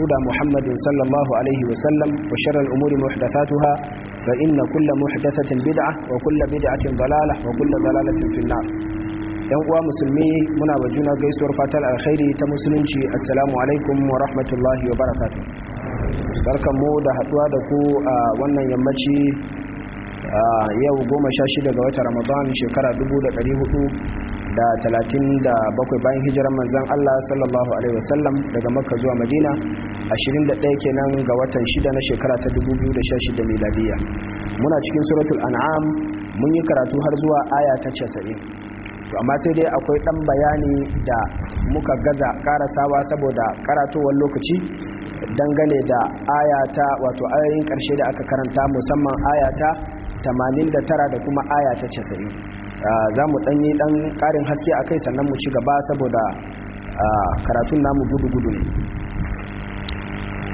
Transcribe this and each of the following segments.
هدى محمد صلى الله عليه وسلم وشر الأمور محدثاتها فإن كل محدثة بدعة وكل بدعة ضلالة وكل ضلالة في النار yan uwa musulmi muna wa juna gaisuwar fatar alkhairi ta musulunci assalamu alaikum wa rahmatullahi wa barakatuh da haɗuwa da ku a wannan yammaci yau goma sha shida ga watan ramadan shekara hudu. da 37 bayan hijirar manzon Allah sallallahu alaihi wasallam daga Makka zuwa Madina 21 kenan ga watan shida na shekara ta 2016 miladiya muna cikin suratul an'am mun yi karatu har zuwa aya ta 90 to amma sai dai akwai dan bayani da muka gaza karasawa saboda karatowar lokaci dangane da ayata wato ayoyin karshe da aka karanta musamman ayata 89 da kuma aya ta 90 Ah, za mu ɗanyi ɗan ƙarin haske a kai sannan mu ci gaba saboda ah, karatun namu gudu-gudu ne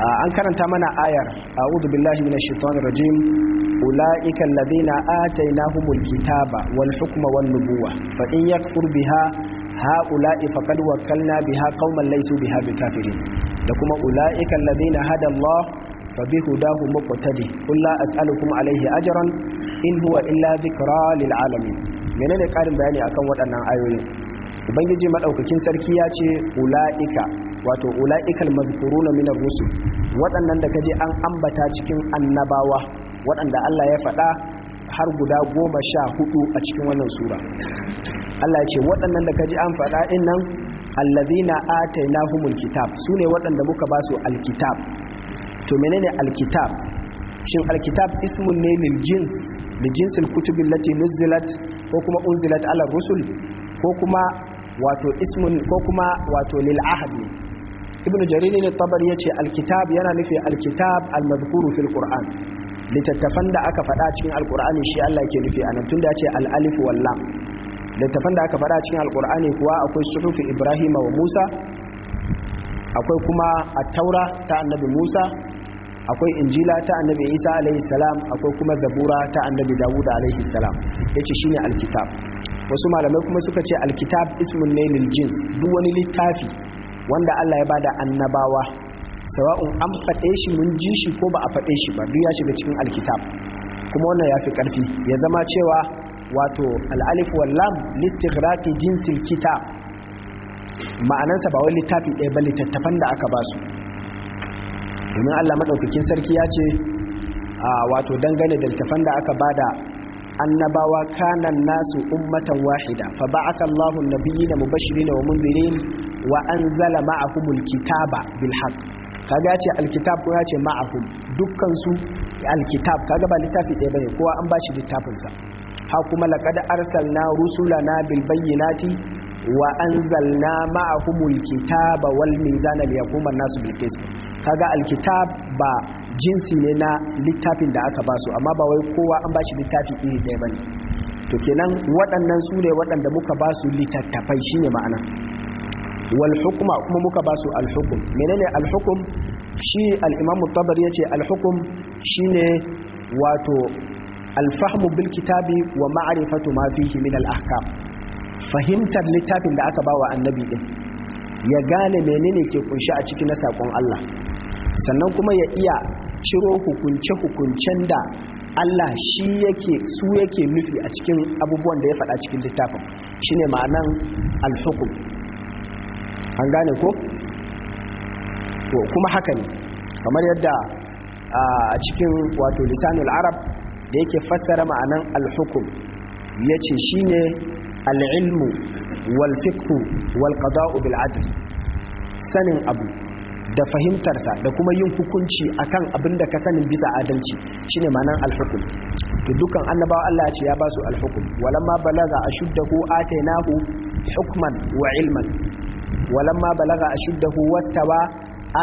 ah, an karanta mana ayar a'udhu billahi minash shaitanir rajim ulaika alladhina atainahumul kitaba wal hukma wan nubuwa fa in yakfur biha ha'ula'i faqad wakkalna biha qauman laysu biha bikafirin da kuma ulaika alladhina hada Allah fa bi hudahu muqtadi qul la as'alukum alayhi ajran in huwa illa dhikra lil alamin menene karin bayani akan waɗannan ayoyin ubangiji madaukakin sarki ya ce ula'ika wato ula'ikal mazkuruna ar rusul waɗannan da kaje an ambata cikin annabawa waɗanda Allah ya faɗa har guda goma sha hudu a cikin wannan sura Allah ya ce waɗannan da kaje an faɗa innan nan allazina atainahumul kitab sune waɗanda muka ba su alkitab to menene alkitab shin alkitab ismun ne lil jins li jinsil kutubil lati nuzilat ko kuma unzilat ala rusul ko kuma wato ismun ko kuma wato lil ahadi ibn jarir ne Tabar, yace alkitab yana nufi alkitab almadhkuru fil qur'an littattafan da aka faɗa cikin alkur'ani shi Allah ke nufi anan tunda yace al walla. wal littattafan da aka faɗa cikin alkur'ani kuwa akwai suhufi ibrahima wa musa akwai kuma a taura ta annabi musa Mm. akwai injila ta annabi isa alaihi salam akwai kuma zabura ta annabi dawud alaihi salam yace shine alkitab wasu malamai kuma suka ce alkitab ismun ne lil jins duk wani littafi wanda Allah ya bada annabawa sawa'un an faɗe shi mun ji shi ko ba a faɗe shi ba duk ya shiga cikin alkitab kuma wannan yafi karfi ya zama cewa wato al'alif wal lam litighraqi jinsil kitab ma'anansa ba wai littafi ɗaya ba littattafan da aka ba su domin Allah maɗaukakin sarki ya ce a wato dangane da littafan da aka bada annabawa kanan nasu ummatan wahida fa ba ba'atha Allahu da nabiyina mubashirin wa mundirin wa anzala ma'ahumul kitaba bilhak. Ka kaga ya ce alkitab ko ya ce ma'ahum dukkansu alkitab kaga ba littafi ɗaya bane kowa an bashi littafinsa. ha kuma laqad arsalna rusulana bil bayyinati wa anzalna ma'ahumul kitaba wal mizana liyaquma an-nasu bil qist kaga alkitab ba jinsi ne na littafin da aka basu amma ba wai kowa an bashi littafi iri ɗaya bane to kenan waɗannan su ne waɗanda muka basu littattafai shine ma'ana wal hukuma kuma muka basu al hukum menene al hukum shi al-imam tabari yace al hukum shine wato al fahmu bil kitabi wa ma'rifatu ma fihi min al ahkam fahimtar littafin da aka bawa annabi din ya gane menene ke kunshi a cikin na sakon Allah sannan kuma ya iya ciro hukunce-hukuncen da Allah shi yake su yake nufi a cikin abubuwan da ya faɗa cikin littafin shine ma'anan alhukum an gane ko to kuma haka ne kamar yadda a cikin wato lisanul arab da yake fassara ma'anan alhukum yace shine al'ilmu wal fiqhu wal sanin abu da fahimtarsa da kuma yin hukunci akan abin da ka sanin bisa adalci shine ma'anar alhukum to dukkan annabawa Allah ya ce ya ba su alhukum walamma balaga ashuddahu atainahu hukman wa ilman walamma balaga ashuddahu wastawa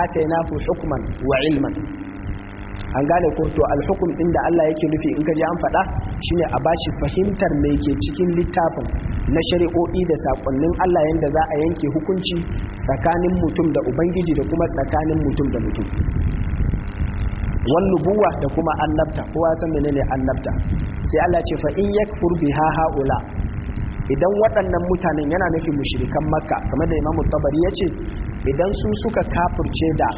atainahu hukman wa ilman an gane ko to alhukum ɗin da Allah yake nufi in ka je an faɗa shine a bashi fahimtar me ke cikin littafin na shari'o'i da sakonnin Allah yanda za a yanke hukunci tsakanin mutum da ubangiji da kuma tsakanin mutum da mutum wannan buwa da kuma annabta kowa san menene annabta sai Allah ce fa in yakfur biha haula idan waɗannan mutanen yana nufin mushrikan makka kamar da imamu tabari ya ce idan su suka kafirce da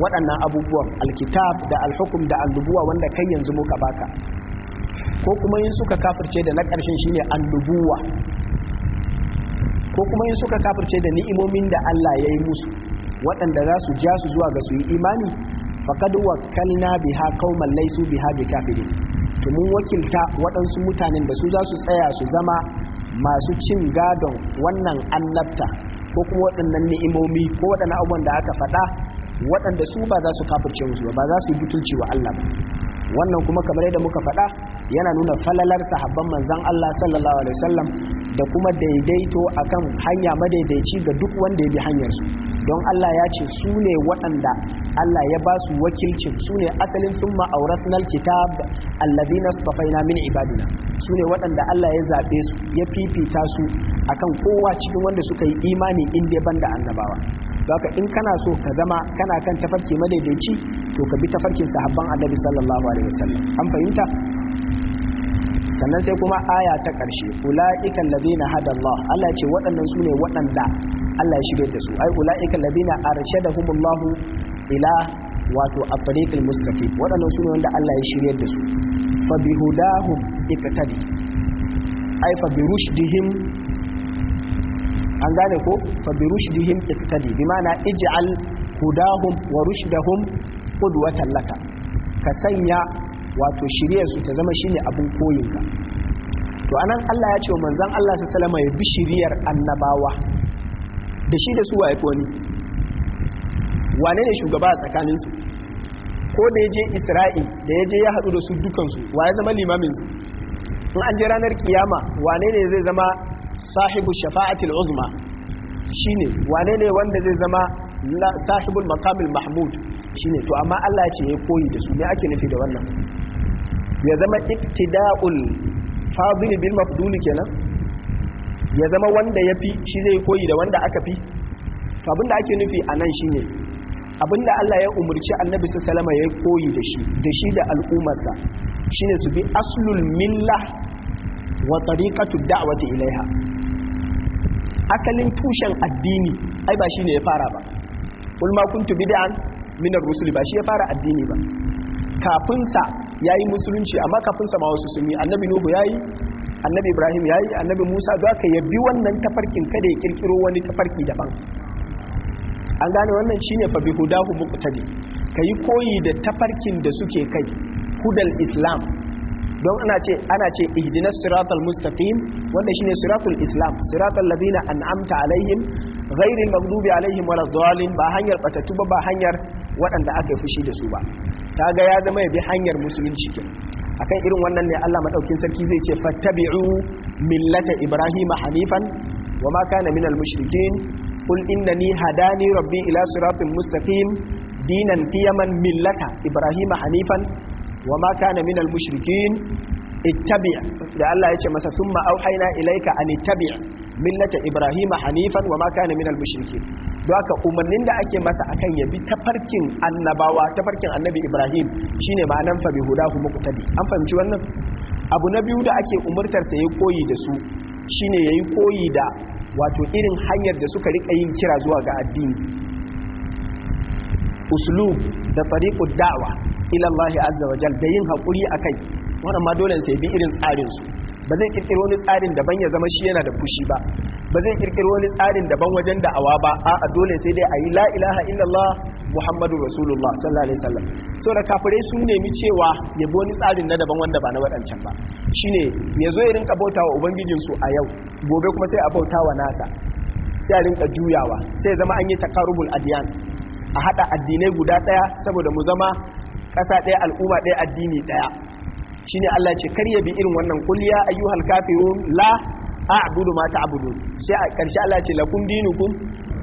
waɗannan abubuwan alkitab da alhukum da annubuwa wanda kai yanzu muka baka ko kuma yin suka kafirce da na ƙarshen shine annubuwa ko kuma yin suka kafirce da ni'imomin da Allah ya yi musu waɗanda za su ja su zuwa ga su yi imani faqad wakkalna biha qauman laysu biha bikafirin to mun wakilta waɗansu mutanen da su za su tsaya su zama masu cin gadon wannan annabta ko kuma waɗannan ni'imomi ko waɗannan abubuwan da aka faɗa waɗanda su ba za su kafirce musu ba za su yi butulci wa Allah ba wannan kuma kamar yadda muka faɗa yana nuna falalar sahabban manzon Allah sallallahu alaihi wasallam da kuma daidaito akan hanya madaidaici ga duk wanda ya bi hanyarsu. don Allah ya ce su ne waɗanda Allah ya ba su wakilcin su ne asalin summa auratnal kitab alladhina istafaina min ibadina su ne waɗanda Allah ya zaɓe su ya fifita su akan kowa cikin wanda suka yi imani in dai banda annabawa baka in kana so ka zama kana kan tafarki madaidaici to ka bi tafarkin sahabban annabi sallallahu alaihi wasallam an fahimta sannan sai kuma aya ta ƙarshe ula'ika alladhina hada Allah Allah ce waɗannan sune waɗanda Allah ya shirye da su ai ula'ika alladhina arshadahumullahu ila wato at-tariqil mustaqim waɗannan sune wanda Allah ya shirye da su fa bihudahum ikatadi ai fa birushdihim an gane ko fa bi rushdihim ittadi bi ma'ana ij'al hudahum wa rushdahum qudwatan laka ka sanya wato shiriyar su ta zama shine abin koyin ka to anan Allah ya ce wa manzon Allah sallallahu alaihi ya bi shiriyar annabawa da shi da su waye ko ni wane ne shugaba a tsakanin su ko da ya Isra'i da ya je ya hadu da su dukansu wa ya zama limamin su in an je ranar kiyama wane ne zai zama sahibu shafa'atil uzma shine wane ne wanda zai zama sahibul maqamil mahmud shine to amma Allah ya ce ya koyi da su me ake nufi da wannan ya zama iktida'ul fadil bil mafdul kenan ya zama wanda ya fi shi zai koyi da wanda aka fi to abinda ake nufi anan shine abinda Allah ya umurci Annabi sallallahu alaihi ya koyi da shi da shi da al'ummarsa shine su bi aslul millah wa tariqatu da'wati ilaiha asalin tushen addini ai ba shine ya fara ba kul ma kuntu bid'an min ar-rusul ba shi ya fara addini ba kafin sa yayi musulunci amma kafin sa ma wasu sun annabi nuhu yayi annabi ibrahim yayi annabi musa za ka yabi wannan tafarkin kada ya kirkiro wani tafarki daban an gane wannan shine fa bihudahu muqtadi kayi koyi da tafarkin da suke kai hudal islam don ana ce ana ce ihdinas siratal mustaqim wanda shine siratul islam siratal ladina an'amta alaihim ghairil maghdubi alaihim waladdallin ba hanyar batatu ba ba hanyar waɗanda aka yi fushi da su ba kaga ya zama ya bi hanyar musulunci kin akan irin wannan ne Allah madaukin sarki zai ce fattabi'u millata ibrahima hanifan ma kana minal mushrikin qul innani hadani rabbi ila siratin mustaqim dinan qiyaman millata ibrahima hanifan wa ma kana minal mushrikin ittabi da Allah ya ce masa thumma auhayna ilaika an ittabi millata ibrahima hanifan wa ma kana minal mushrikin doka umannin umarnin da ake masa akan ya bi tafarkin annabawa tafarkin annabi ibrahim shine ma'anan fa bi hudahu muqtadi an fahimci wannan abu na biyu da ake umurtar ta yi koyi da su shine yayi koyi da wato irin hanyar da suka rika yin kira zuwa ga addini uslub da fariqud da'wa ila Azza azza wajal da yin hakuri akai wannan ma dole sai bi irin tsarin su ba zai kirkiro wani tsarin daban ya zama shi yana da fushi ba ba zai kirkiro wani tsarin daban wajen da'awa ba a'a dole sai dai ayi la ilaha illallah muhammadu rasulullah sallallahu alaihi wasallam so da kafirai sun nemi cewa ya bi wani tsarin na daban wanda ba na wadancan ba shine ya zo ya rinka bautawa ubangijin su a yau gobe kuma sai a bautawa nata sai a rinka juyawa sai zama an yi takarubul adiyan a hada addinai guda daya saboda mu zama ƙasa ɗaya al'umma ɗaya addini ɗaya shine Allah ce kar ya bi irin wannan kul ya ayyuhal kafirun la a'budu ma ta'budun sai a karshe Allah ce lakum dinukum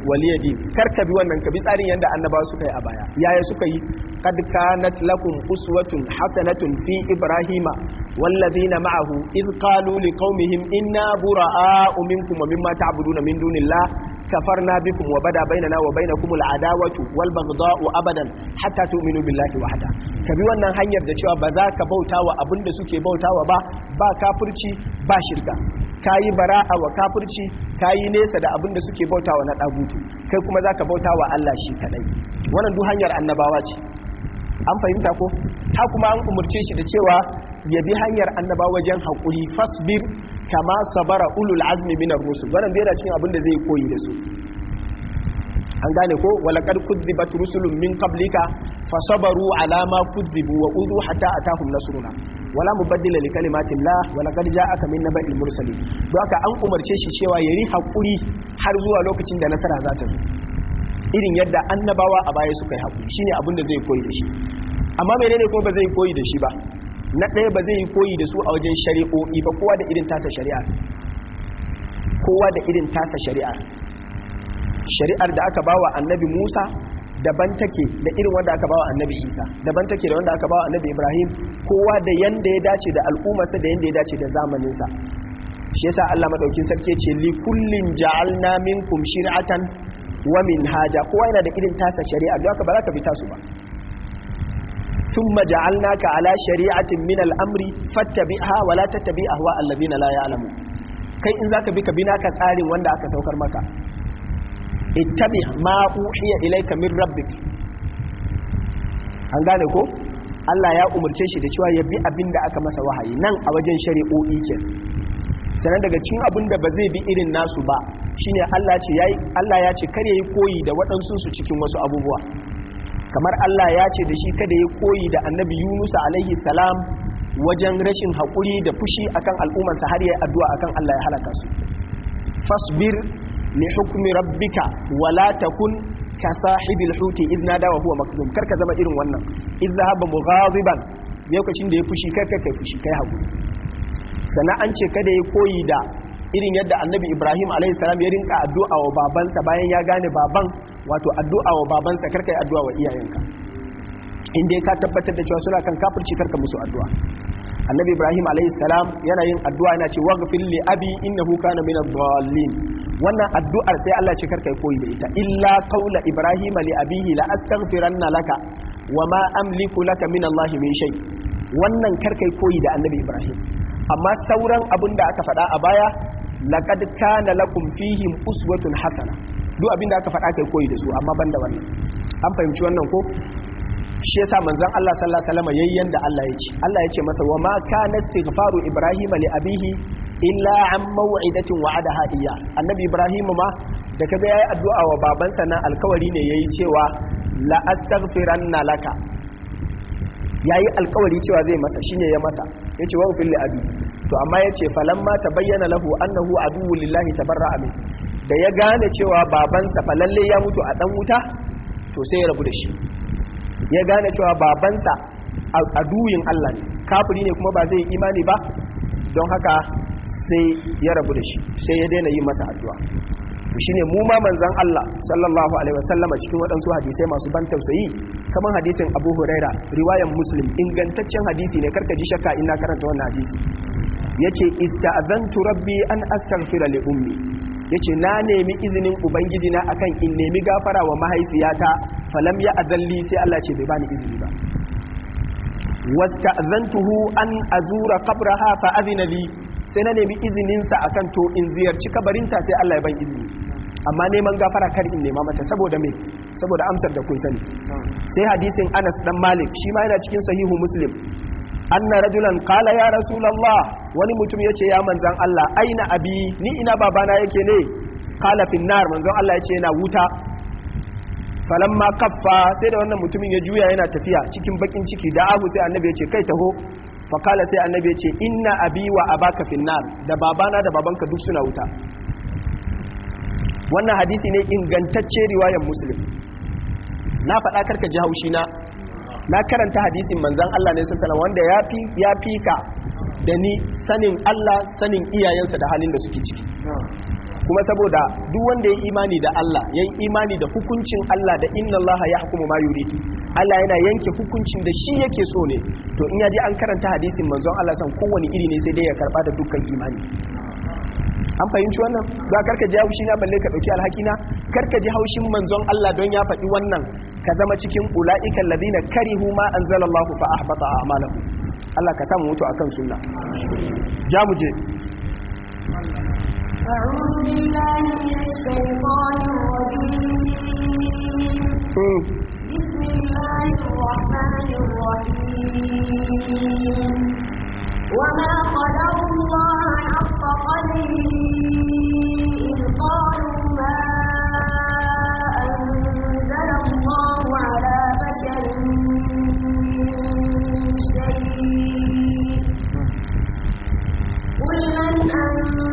waliya kar ka bi wannan ka bi tsarin yadda annabawa suka yi a baya yaya suka yi qad kanat lakum uswatun hasanatun fi ibrahima والذين na إذ قالوا لقومهم إنا براء منكم baina تعبدون من دون الله كفرنا بكم وبدا بيننا وبينكم العداوة والبغضاء أبدا حتى تؤمنوا بالله وحده كبي wannan hanyar da cewa ba za ka bautawa abin da suke bautawa ba ba kafirci ba shirka kayi a wa kafirci kayi nesa da abin da suke bautawa na dagutu kai kuma za ka bautawa Allah shi kadai wannan duk hanyar annabawa ce an fahimta ko ha kuma an umarce shi da cewa ya bi hanyar annaba wajen haƙuri fasbir kama sabara ulul azmi minar rusul wannan bai da cikin abin da zai koyi da su an gane ko walaqad kudzibat rusulun min qablika fasabaru ala ma kudzibu wa udu hatta atahum nasruna wala mubaddila li kalimatin la walaqad ja'aka min naba'il mursalin don haka an umarce shi cewa yayi haƙuri har zuwa lokacin da nasara za ta zo irin yadda annabawa a baya suka yi haƙuri ne abin da zai koyi da shi amma mai ne ko ba zai koyi da shi ba na ɗaya ba zai koyi da su a wajen shari'o'i ba kowa da irin tasa shari'a kowa da irin tasa shari'a shari'ar da aka bawa annabi Musa daban take da irin wanda aka bawa annabi Isa daban take da wanda aka bawa annabi Ibrahim kowa da yanda ya dace da al'ummarsa da yanda ya dace da zamaninsa shi yasa Allah madaukin sarki ce li kullin ja'alna minkum shir'atan wa min haja kowa yana da irin tasa shari'a da aka ba za ka fi tasu ba tun maja'al naka ala shari'atin min al’amri fattabi ha wa la tattabi ahuwa allabi na laye kai in za ka bi ka bi naka tsarin wanda aka saukar maka ittabi ma uhiya ilaika min rabbik an gane ko Allah ya umarce shi da cewa ya bi abinda aka masa wahayi nan a wajen shari'o'i kenan sannan daga cin abin da ba zai bi irin nasu ba shine Allah ce Allah ya ce kar yi koyi da waɗansu su cikin wasu abubuwa kamar Allah ya ce da shi kada yayi koyi da Annabi Yunus alaihi salam wajen rashin haƙuri da fushi akan al'ummarsa har yayi addu'a akan Allah ya halaka su fasbir li hukmi rabbika wala takun ka sahibil huti idh nada wa huwa makdum karka zama irin wannan idh zahaba mughadiban lokacin da ya fushi karka kai fushi kai haƙuri sana'ance an ce kada ya koyi da irin yadda annabi ibrahim alaihi salam ya rinka addu'a wa babansa bayan ya gane baban wato addu'a wa babansa karka yi addu'a wa iyayenka in dai ka tabbatar da cewa suna kan kafirci karka musu addu'a annabi ibrahim alaihi salam yana yin addu'a yana ce waghfir li abi innahu kana min ad-dallin wannan addu'ar sai Allah ce karka yi koyi da ita illa qawla ibrahim li abihi la astaghfiranna laka wa ma amliku laka min Allah min shay wannan karka yi koyi da annabi ibrahim amma sauran abin da aka faɗa a baya laqad kana lakum fihim uswatun hasana duk abin da aka faɗa kai koyi da su amma banda wannan an fahimci wannan ko shi yasa manzon Allah sallallahu alaihi wasallam yayyan da Allah ya ce Allah ya ce masa wa ma kana istighfaru ibrahim li abihi illa an maw'idatin wa'adaha iya annabi ibrahim ma da kaga yayi addu'a wa babansa na alkawari ne yayi cewa la astaghfiranna laka yayi alkawari cewa zai masa shine ya masa yace wa fili adu to amma ya yace falamma bayyana lahu annahu aduwwu lillahi tabarra'a min da ya gane cewa babansa fa falalle ya mutu a dan wuta to sai ya rabu da shi ya gane cewa babansa aduwin Allah ne kafiri ne kuma ba zai yi imani ba don haka sai ya rabu da shi sai ya daina yi masa addu'a to shine mu ma manzon Allah sallallahu alaihi wasallama cikin waɗansu hadisai masu ban tausayi kamar hadisin Abu Huraira riwayan Muslim ingantaccen hadisi ne karka ji shakka ina karanta wannan hadisi yace ista'zantu rabbi an astaghfira li ummi yace na nemi izinin ubangiji na akan in nemi gafara wa mahaifiyata falam ya azalli sai Allah ce bai bani izini ba wasta'zantuhu an azura qabraha fa adina sai na nemi izininsa akan to in ziyarci kabarinta sai Allah ya ban izini amma neman gafara kar in nema mata saboda me saboda amsar da kun sani sai hadisin Anas dan Malik shi ma yana cikin sahihu Muslim anna rajulan qala ya rasulullah wani mutum yace ya manzan Allah aina abi ni ina babana yake ne qala fin nar manzon Allah yace yana wuta falamma kaffa sai da wannan mutumin ya juya yana tafiya cikin bakin ciki da abu sai annabi yace kai taho Fa qala sai annabi yace inna abi wa abaka nar da babana da babanka duk suna wuta wannan hadisi ne ingantacce riwayar muslim na faɗa karka ji haushi na na karanta hadisin manzan Allah ne sassana wanda ya fi ya da ni sanin Allah sanin iyayensa da halin da suke ciki kuma saboda duk wanda ya imani da Allah ya imani da hukuncin Allah da inna Allah ya hukumu ma yuridu Allah yana yanke hukuncin da shi yake so ne to in yaji an karanta hadisin manzon Allah san kowane iri ne sai dai ya karba da dukkan imani an fahimci wannan ba karka ji haushi na balle ka dauki alhaki na karka ji haushin manzon Allah don ya faɗi wannan ka zama cikin ulaika alladhina karihu ma anzalallahu fa ahbata a'malahum Allah ka samu mutu akan sunna ja mu je بسم الله الرحمن الرحيم وما قدروا الله حق قدره إذ قالوا ما أنزل الله على بشر من شيء قل من أنزل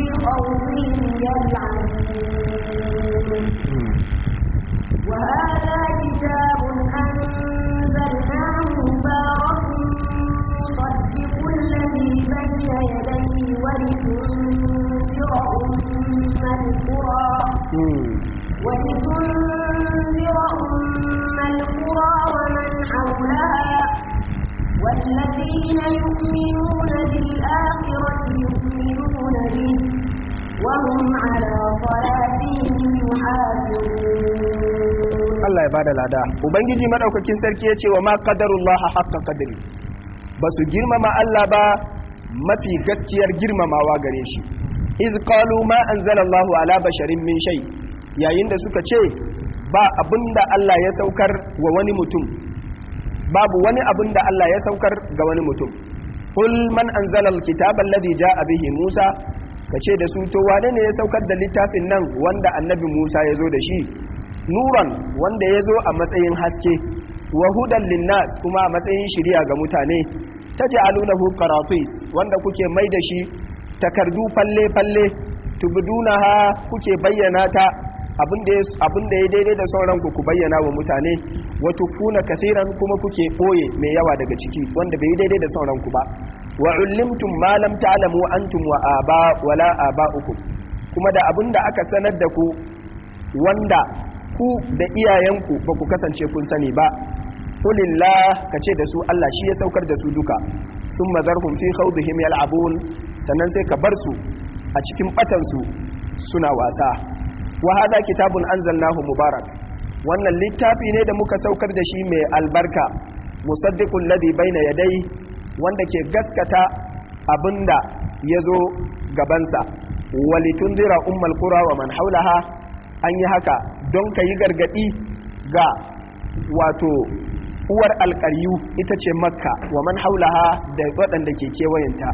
Allah ya bada lada ubangiji madaukakin sarki ya ce wa ma qadarullaha haqqa qadri ba su girmama Allah ba mafi gaskiyar girmamawa gare shi iz qalu ma anzalallahu ala basharin min shay yayin da suka ce ba abinda Allah ya saukar wa wani mutum babu wani abinda Allah ya saukar ga wani mutum qul man anzala alkitaba alladhi jaa bihi Musa kace da su to wane ne ya saukar da littafin nan wanda annabi Musa ya zo da shi nuran wanda ya zo a matsayin haske wa hudan linnas kuma a matsayin shirya ga mutane ta ji alunahu wanda kuke mai da shi takardu falle-falle ha kuke bayyana ta abin da ya daidai da sauran ku ku bayyana wa mutane wato kuna kasiran kuma kuke ɓoye mai yawa daga ciki wanda bai daidai da sauran ku ba wa ulimtum malam ta'lamu antum wa aba wala uku kuma da abin da aka sanar da ku wanda ku da iyayenku ba ku kasance kun sani ba kulillah ka ce da su Allah shi ya saukar da su duka sun mazarhum fi khawdihim yal'abun sannan sai ka bar su a cikin batan su suna wasa wa hada kitabun anzalnahu mubarak wannan littafi ne da muka saukar da shi mai albarka musaddiqul ladhi baina yadayhi wanda ke gaskata abinda yazo gabansa walitundira ummul qura wa man haulaha an yi haka don ka yi gargadi ga wato uwar alƙaryu ita ce makka wa man haulaha da waɗanda ke kewayenta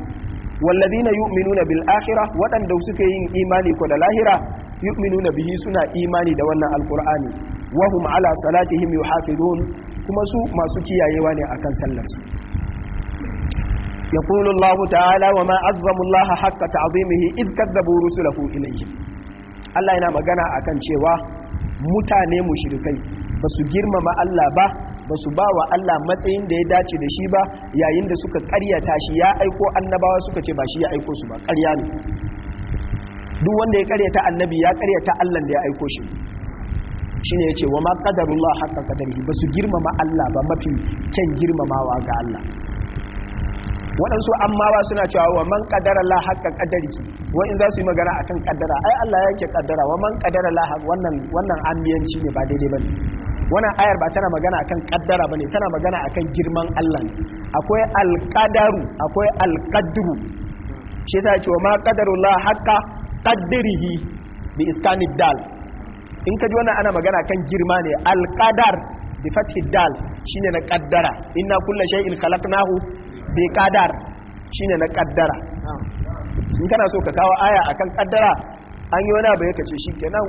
wallazina yu'minuna bil bil'ahira waɗanda suka yin imani ko da lahira yu'minuna bihi suna imani da wannan alkur'ani wahum hum ala salatihim yuhafizun kuma su masu kiyayewa ne akan sallar su yaqulu Allah ta'ala wa ma azzamu Allah haqqa ta'zimihi id kadzabu rusulahu ilayhi Allah yana magana akan cewa mutane mu shirkai ba su girmama Allah ba ba su ba wa Allah matsayin da ya dace da shi ba yayin da suka karyata shi ya aiko annabawa suka ce ba shi ya aiko su ba karya ne duk wanda ya karyata annabi ya karyata Allah da ya aiko shi shine yace wa ma qadarullah haqqa qadarihi ba su girmama Allah ba mafi kyan girmamawa ga Allah waɗansu amma ba suna cewa wa man qadara la haqqa qadari wa in za su yi magana akan kaddara ai Allah yake kaddara wa man qadara la wannan wannan ambiyanci ne ba daidai bane wannan ayar ba tana magana akan kaddara bane tana magana akan girman Allah ne akwai alqadaru akwai alqadru shi yasa ya ce wa ma qadarullah haqqa qaddarihi bi iskanid dal in ka ji wannan ana magana kan girma ne alqadar bi fathi dal shine na kaddara inna kullu shay'in khalaqnahu bi qadar shine na kaddara in kana so ka kawo aya akan kaddara an yi wani abu ya kace shikenan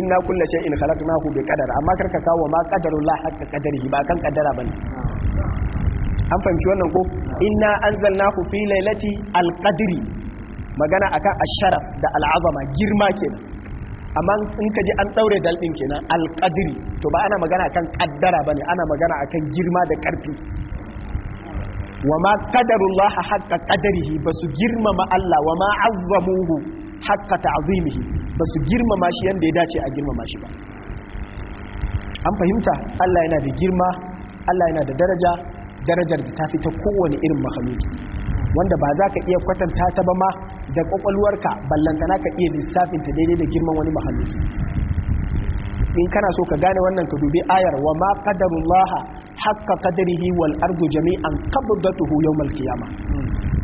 inna kullu shay'in khalaqnahu bi qadar amma kar ka kawo ma qadarullah hakka qadarihi ba kan kaddara bane an fahimci wannan ko inna anzalnahu fi lailati alqadri magana akan asharaf da al'azama girma kenan amma in ka ji an daure daldin kenan alqadri to ba ana magana akan kaddara bane ana magana akan girma da karfi wa ma qadarullah haqqa qadarihi basu girmama Allah wa ma azzamuhu haqqa ta'zimihi basu girmama shi yanda ya dace a girmama shi ba an fahimta Allah yana da girma Allah yana da daraja darajar da ta fi ta kowane irin makhluki wanda ba za ka iya kwatanta ta ba ma da ban lantana ka iya lissafin ta daidai da girman wani makhluki in kana so ka gane wannan ka dubi ayar wa ma haka qadrihi wal argo jami'an qabdatuhu yawm al qiyamah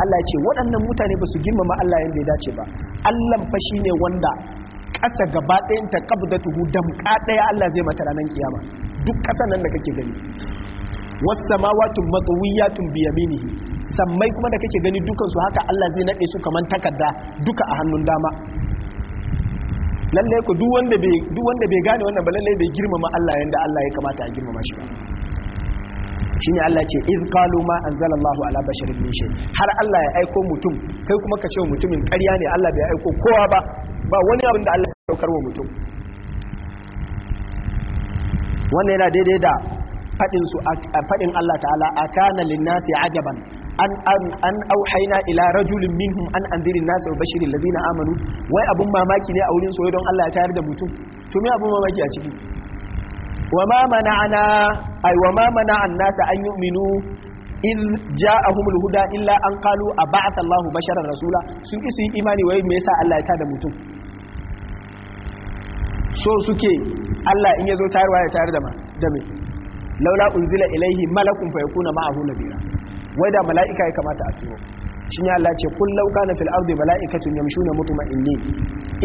Allah ya ce waɗannan mutane ba su girmama Allah yadda ya dace ba Allah fa ne wanda ƙasa gaba ɗayan ta qabdatuhu damƙa ɗaya Allah zai mata ranar kiyama duk ƙasa nan da kake gani was samawati matwiyatun bi yaminihi sammai kuma da kake gani dukan su haka Allah zai nade su kaman takarda duka a hannun dama lalle ku duk wanda bai gane wannan ba lalle bai girmama Allah yanda Allah ya kamata a girmama shi ba shine Allah ce iz qalu ma anzalallahu ala basharin min shay har Allah ya aiko mutum kai kuma ka ce mutumin ƙarya ne Allah bai aiko kowa ba ba wani abin da Allah ya daukar wa mutum wannan yana daidai da fadin su fadin Allah ta'ala akana linnasi ajaban an an an auhayna ila rajulin minhum an anziri nasa bashirin ladina amanu wai abun mamaki ne a wurin soyayya don Allah ya tayar da mutum to me abun mamaki a ciki وما منعنا أي وما منع الناس أن يؤمنوا إذ جاءهم الهدى إلا أن قالوا أبعث الله بشرا رسولا sun ki su yi imani wai me yasa Allah ya tada mutum so suke Allah in yazo tayarwa ya tayar da ma da me laula unzila ilaihi malakun fa yakuna ma'ahu nabira wai da mala'ika ya kamata a turo shine Allah ce kun lauka na fil ardi mala'ikatun yamshuna mutma'innin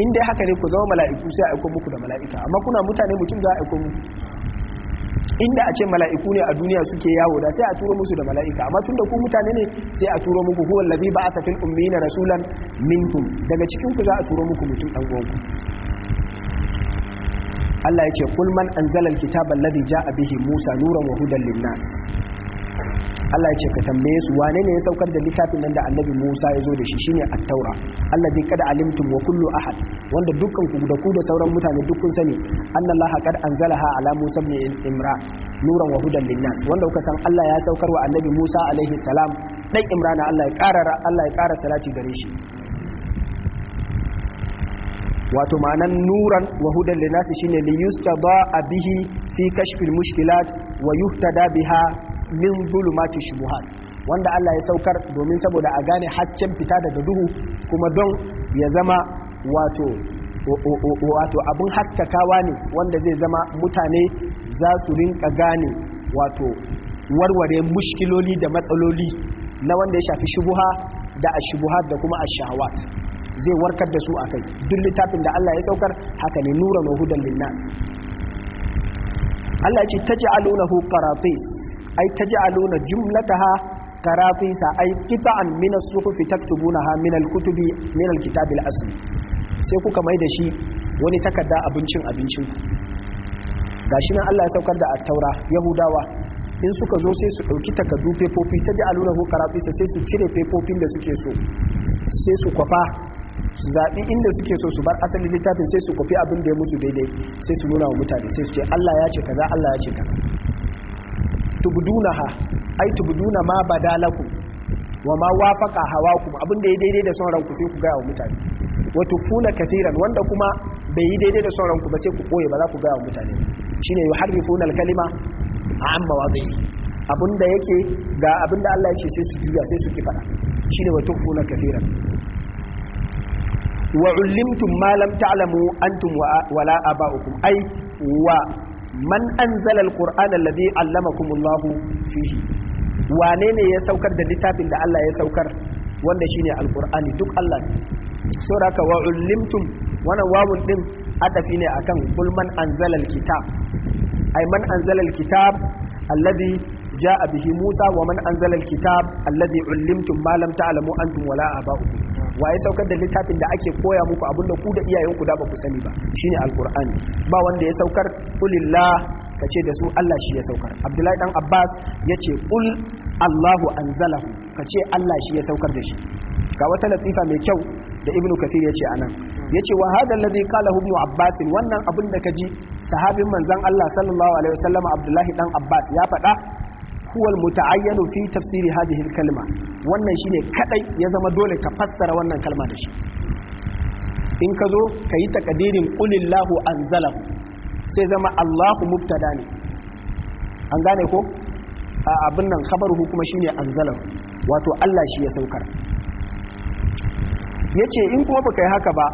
in dai haka ne ku zama mala'iku sai aiko muku da mala'ika amma kuna mutane mutum za a aiko muku inda a ce mala'iku ne a duniya suke yawo da sai a turo musu da mala'ika amma tunda ku mutane ne sai a turo muku huwa allazi a fil ummiyina rasulan minkum daga cikin ku za a turo muku mutum dan uwanku Allah ya ce kul man anzala alkitaba alladhi ja'a bihi Musa nuran wa hudan Allah ya ce ka tambaye su wane ne ya saukar da littafin nan da annabi Musa ya zo da shi shine at-taura kada qad alimtum wa kullu ahad wanda dukkan ku da ku da sauran mutane duk kun sani annallaha qad anzalaha ala Musa ibn Imran nuran wa hudan linnas wanda kuka san Allah ya saukar wa annabi Musa alaihi salam dan Imran Allah ya karara Allah ya kara salati gare shi wato ma'anan nuran wa hudan linnas shine li yustada bihi fi kashfil mushkilat wa yuhtada biha min zulumati shubuhat wanda Allah ya saukar domin saboda a gane haccen fita daga duhu kuma don ya zama wato wato abin haskakawa ne wanda zai zama mutane za su rinka gane wato warware mushkiloli da matsaloli na wanda ya shafi shubuha da a ashubuhat da kuma ashahawat zai warkar da su a kai duk littafin da Allah ya saukar haka ne nura mahudan linna Allah ya ce taj'alunahu qaratis ai taj'aluna jumlataha qaratisa ai qita'an min as-suhufi taktubunaha min al-kutubi min al-kitab al-asli sai kuka mai da shi wani takarda abincin abincin gashi nan Allah ya saukar da at-taura yahudawa in suka zo sai su dauki takardu fefofi ko qaratisa sai su cire fefofin da suke so sai su kwafa su zaɓi inda suke so su bar asalin littafin sai su kwafi abin da ya musu daidai sai su nuna wa mutane sai su ce Allah ya ce kaza Allah ya ce kaza tubdunaha ai tubduna ma badalakum wa ma wafaqa hawakum da ya daidai da son ranku sai ku ga wa mutane wa tukuna katiran wanda kuma bai yi daidai da son ranku ba sai ku koye ba za ku ga wa mutane shine yuharrifuna al-kalima an abin da yake ga abinda Allah ya ce sai su juya sai su ki shine wa tukuna katiran wa ullimtum ma lam ta'lamu antum wala aba'ukum ai wa man anzalal alqur'ana alladhi allamakumullahu fihi wane ne ya saukar da littafin da Allah ya saukar wanda shine alqur'ani duk Allah ne saboda wa ullimtum wannan wawun din adafi ne akan kul man anzalal kitab. ay man anzalal kitab alladhi jaa bihi Musa wa man kitab alkitab alladhi ullimtum ma lam ta'lamu antum wala aba'ukum waye saukar da littafin da ake koya muku abinda ku da iyayen ku da ba ku sani ba shine alqur'ani ba wanda ya saukar kulillah kace da su Allah shi ya saukar abdullahi dan abbas yace kul Allahu anzalahu kace Allah shi ya saukar da shi ga wata latifa mai kyau da ibnu kasir yace anan yace wa hada alladhi qalahu ibnu abbas wannan abun da kaji sahabin manzon Allah sallallahu alaihi wasallam abdullahi dan abbas ya faɗa huwal muta'ayyanu fi tafsiri hadhihi kalma wannan shine kaɗai ya zama dole ka fassara wannan kalma da shi in ka zo ka yi takadirin qulillahu anzalahu sai zama Allahu mubtada ne an gane ko a abin nan khabaruhu kuma shine zala wato Allah shi ya saukar yace in kuma baka yi haka ba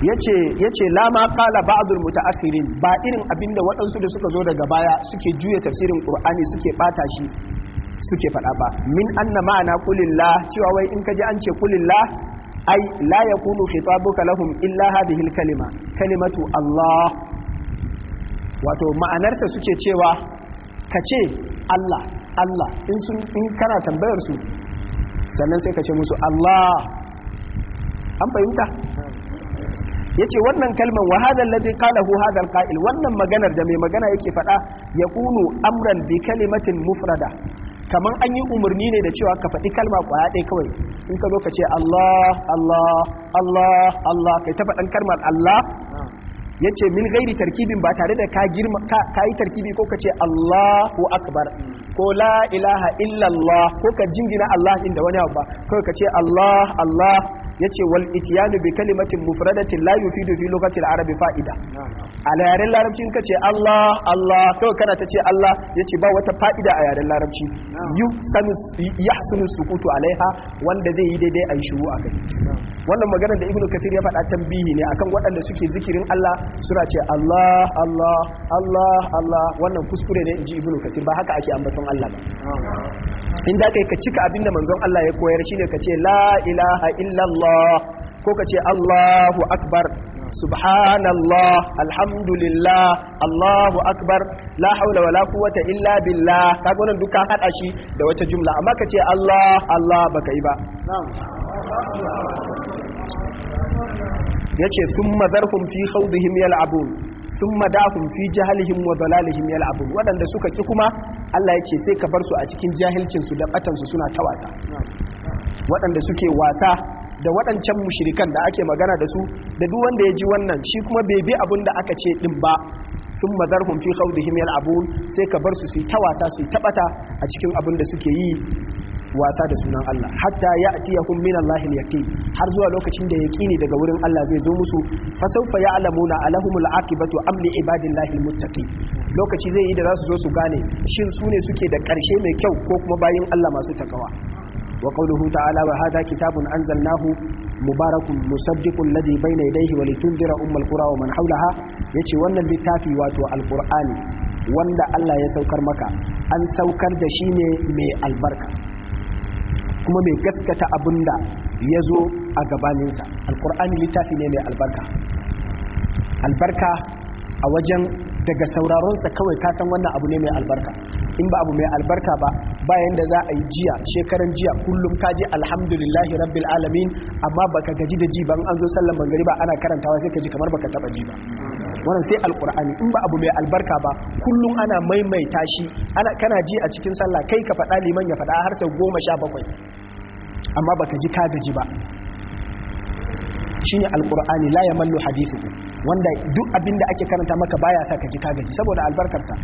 ya ce lama kala ba'adul muta'akhirin ba irin abinda waɗansu da suka zo daga baya suke juya tafsirin ƙur'ani suke ɓata shi suke faɗa ba min anna ma'ana la, cewa wai in ka ji an ce la, ai la yakunu khitabuka lahum illa hadhihi kalima kalimatu Allah wato ma'anarta suke cewa ka ce Allah Allah in sun in kana tambayar su sannan sai ka ce musu Allah an fahimta yace wannan kalman wa hadha alladhi qalahu hadha alqa'il wannan maganar da mai magana yake faɗa ya kunu amran bi kalimatin mufrada kaman an yi umarni ne da cewa ka faɗi kalma kwaya ɗaya kawai in ka zo ka ce Allah Allah Allah Allah kai ta faɗan kalmar Allah yace min gairi tarkibin ba tare da ka girma ka yi tarkibi ko ka ce Allahu akbar ko la ilaha illallah ko ka jingina Allah inda wani abu ba kai ka ce Allah Allah yace wal ityanu bi kalimatin mufradatin la yufidu fi lughati al-arabi fa'ida a yaren larabci ka ce Allah Allah kawai kana ta ce Allah ya ce ba wata fa'ida a yaren larabci ya sunu sukutu alaiha wanda zai yi daidai a yi shuru a kai wannan maganar da ibnu kafir ya faɗa tambihi ne akan waɗanda suke zikirin Allah suna ce Allah Allah Allah Allah wannan kuskure ne inji ibnu kafir ba haka ake ambaton Allah ba in da kai ka cika abin da manzon Allah ya koyar shine ka ce la ilaha illallah ko ka ce Allahu akbar subhanallah alhamdulillah allahu akbar la haula wala quwwata illa billah Ka wannan duka ka hada shi da wata jumla amma ka ce Allah Allah baka yi ba yace thumma zarhum fi khawdihim yal'abun thumma dahum fi jahlihim wa yal yal'abun wadanda suka ki kuma Allah yace sai ka bar su a cikin jahilcin da batan suna ta tawata wadanda suke wasa da waɗancan mushirikan da ake magana da su da duk wanda ya ji wannan shi kuma bai bi abin da aka ce din ba sun mazar hun fi himiyar abu sai ka bar su su tawata su tabata a cikin abun da suke yi wasa da sunan Allah hatta ya'tiyahum min Allah ya yaqin har zuwa lokacin da yaqini daga wurin Allah zai zo musu fa sawfa ya'lamuna alahumul aqibatu bato li ibadillahi al lokaci zai yi da za su zo su gane shin su ne suke da ƙarshe mai kyau ko kuma bayin Allah masu takawa وقوله تعالى وهذا كتاب أنزلناه مبارك مصدق الذي بين يديه ولتنذر أم القرى ومن حولها يتي وانا لتافي واتو القرآن وانا الله يسوكر مكا أن سوكر دشيني مي البركة كما مي قسكة أبندا يزو أقبالنسا القرآن لتافي مي البركة البركة أوجن daga sauraronsa kawai ka san wannan abu ne mai albarka in ba abu mai albarka ba bayan da za a yi jiya shekaran jiya kullum ka ji alhamdulillahi rabbil alamin amma baka gaji da ji ba an zo sallan ba ana karantawa sai ka ji kamar baka taba ji ba wannan sai alkur'ani in ba abu mai albarka ba kullum ana maimaita shi ana kana ji a cikin sallah kai ka fada liman ya fada har ta goma sha bakwai amma baka ji ka gaji ba shine alkur'ani la yamallu hadithu wanda duk abinda ake karanta maka baya sa ka ji ka gaji saboda albarkarta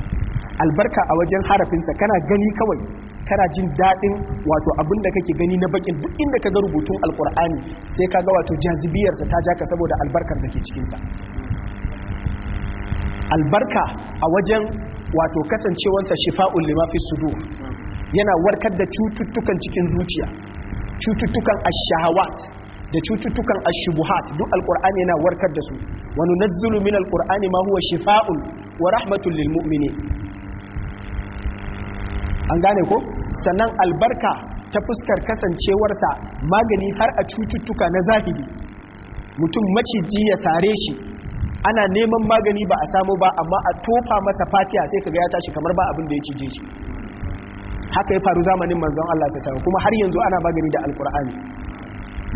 albarka a wajen harafinsa kana gani kawai kana jin daɗin wato abin da kake gani na bakin duk inda ka ga rubutun alkur'ani sai ka ga wato jazibiyarsa ta jaka saboda albarkar da ke cikinsa albarka a wajen wato kasancewansa shifa'un lima fi yana warkar da cututtukan cikin zuciya cututtukan ashahawat da cututtukan ashubuhat duk alkur'ani yana warkar da su wa nunazzilu min alkur'ani ma huwa shifa'un wa rahmatul lil mu'minin an gane ko sannan albarka ta fuskar kasancewarta magani har a cututtuka na zahiri mutum maciji ya tare shi ana neman magani ba a samu ba amma a tofa masa fatiya sai kaga ya tashi kamar ba abin da ya cije shi haka ya faru zamanin manzon Allah ta sama kuma har yanzu ana magani da alkur'ani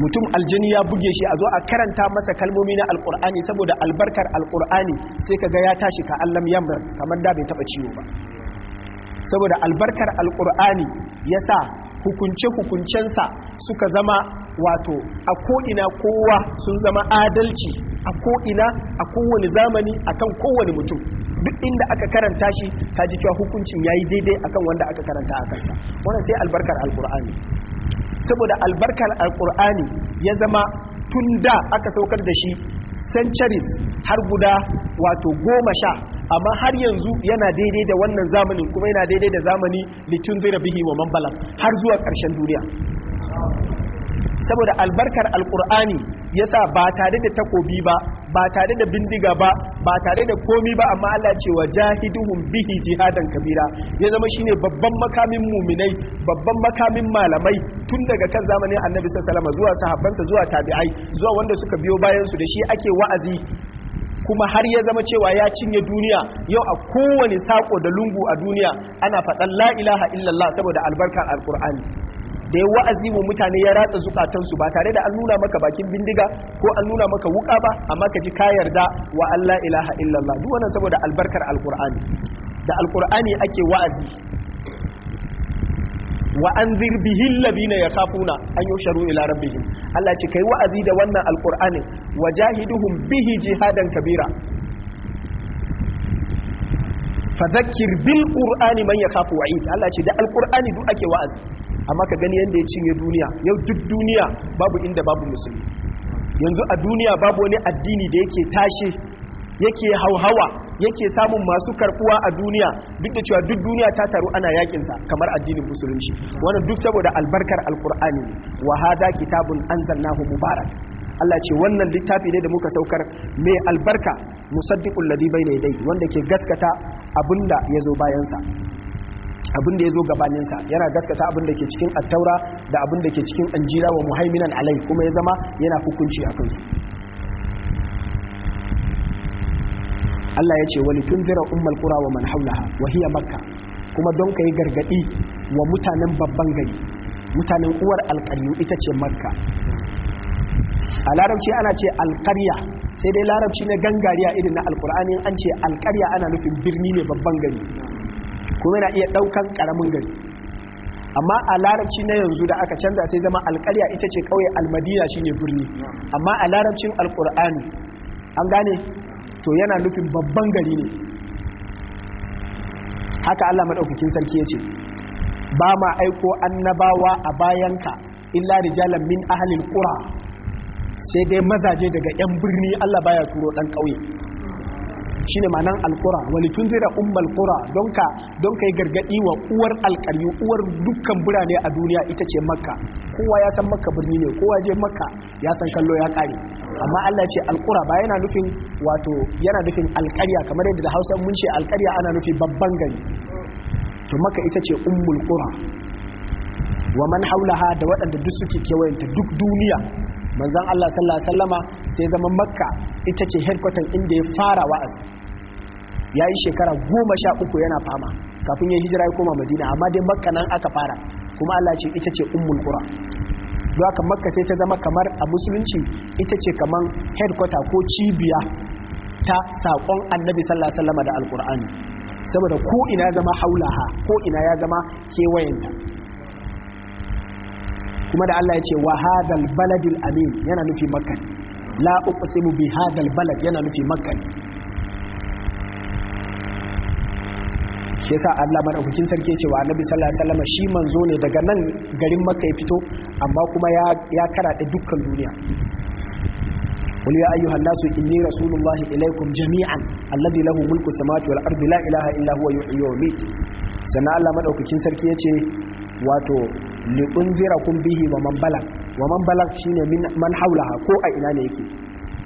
mutum aljini ya buge shi a zo a karanta masa kalmomi na alkur'ani saboda albarkar alkur'ani sai kaga ya tashi ka allam yamr kamar da bai taba ciwo ba saboda albarkar alkur'ani ya sa hukunce-hukuncensa suka zama wato a ko'ina kowa sun zama adalci a ko'ina a kowane zamani a akan kowane mutum duk inda aka karanta shi ta ji cewa hukuncin ya yi daidai a kan wanda aka karanta a kansa wannan sai albarkar alkur'ani saboda albarkar alkur'ani ya zama tun da aka saukar da shi centuries har guda wato goma sha amma har yanzu yana daidai da wannan zamanin kuma yana daidai da zamani litun zai bihi wa mambalan har zuwa ƙarshen duniya saboda albarkar alkur'ani yasa ba tare da takobi ba ba tare da bindiga ba ba tare da komi ba amma Allah ce wa jahiduhum bihi jihadan kabira ya zama shine babban makamin muminai babban makamin malamai tun daga kan zamanin Annabi sallallahu alaihi zuwa sahabbansa zuwa tabi'ai zuwa wanda suka biyo bayan su da shi ake wa'azi kuma har ya zama cewa ya cinye duniya yau a kowane sako da lungu a duniya ana faɗan la ilaha illallah saboda albarkar alkur'ani da ya wa'azi wa mutane ya ratsa zukatansu ba tare da an nuna maka bakin bindiga ko an nuna maka wuka ba amma ka ji ka yarda wa Allah ilaha illallah duk wannan saboda albarkar alqur'ani da alqur'ani ake wa'azi wa anzir bihi alladhina yakhafuna an yusharu ila rabbihim Allah ce kai wa'azi da wannan alqur'ani wajahiduhum bihi jihadan kabira fadakir bil qur'ani man yakhafu wa'id Allah ce da alqur'ani duk ake wa'azi amma ka gani yanda ya cinye duniya yau duk duniya babu inda babu musulmi yanzu a duniya babu wani addini da yake tashe yake hauhawa yake samun masu karbuwa a duniya duk da cewa duk duniya ta taru ana yakin sa kamar addinin musulunci wannan duk saboda albarkar alqur'ani wa hada kitabun anzalnahu mubarak Allah ce wannan littafi ne da muka saukar mai albarka musaddiqul ladhi bayna yadayhi wanda ke gaskata abinda yazo bayansa abinda yazo gabaninsa yana gaskata abinda ke cikin at-taura da abinda ke cikin injila wa muhaiminan alai kuma ya zama yana hukunci akan su Allah ya ce wali tunzira ummul qura wa man hawlaha wa hiya makka kuma don kai gargadi wa mutanen babban gari mutanen uwar alqaryu ita ce makka a larabci ana ce alqarya sai dai larabci na gangariya irin na alkur'ani an ce alkarya ana nufin birni ne babban gari kuma yana iya daukan karamin gari amma a larabci na yanzu da aka canza sai zama alkarya ita ce kawai almadina shine birni amma a larabcin alkur'ani an gane to yana nufin babban gari ne haka Allah madaukakin sarki yace ba ma aiko annabawa a bayanka illa rijalan min ahlil qura sai dai mazaje daga yan birni Allah baya turo dan kauye shine manan alqura wani tunzira ummul qura don ka don kai gargadi wa uwar alqaryu uwar dukkan birane a duniya ita ce makka kowa ya san makka birni ne kowa je makka ya san kallo ya kare amma Allah ce alqura ba yana nufin wato yana nufin alqarya kamar yadda da Hausa mun ce alqarya ana nufin babban gari to makka ita ce ummul qura wa man haulaha da waɗanda duk suke kewayenta duk duniya manzon Allah sallallahu alaihi wasallama sai zama makka ita ce headquarter inda ya fara wa'azi ya yi shekara goma sha uku yana fama kafin ya hijira ya koma madina amma dai makka nan aka fara kuma Allah ce ita ce ummul qura don haka makka sai ta zama kamar a musulunci ita ce kamar headquarter ko cibiya ta saƙon annabi sallallahu alaihi wasallama da alqur'ani saboda ko ina ya zama haulaha ko ina ya zama kewayenta kuma da Allah ya ce wa hadal baladil amin yana nufi makka la uqsimu bi hadal balad yana nufi makka shi yasa Allah madaukakin sarki wa Annabi sallallahu alaihi wasallam shi manzo ne daga nan garin Makka ya fito amma kuma ya ya karade dukkan duniya قل يا أيها الناس إني رسول الله إليكم جميعا الذي له ملك السماوات والأرض لا إله إلا هو يحيي ويميت سنة الله مدعوك كين سركي wato jira kun bihi wa man balag wa man balag shine man haulaha ko a ina ne yake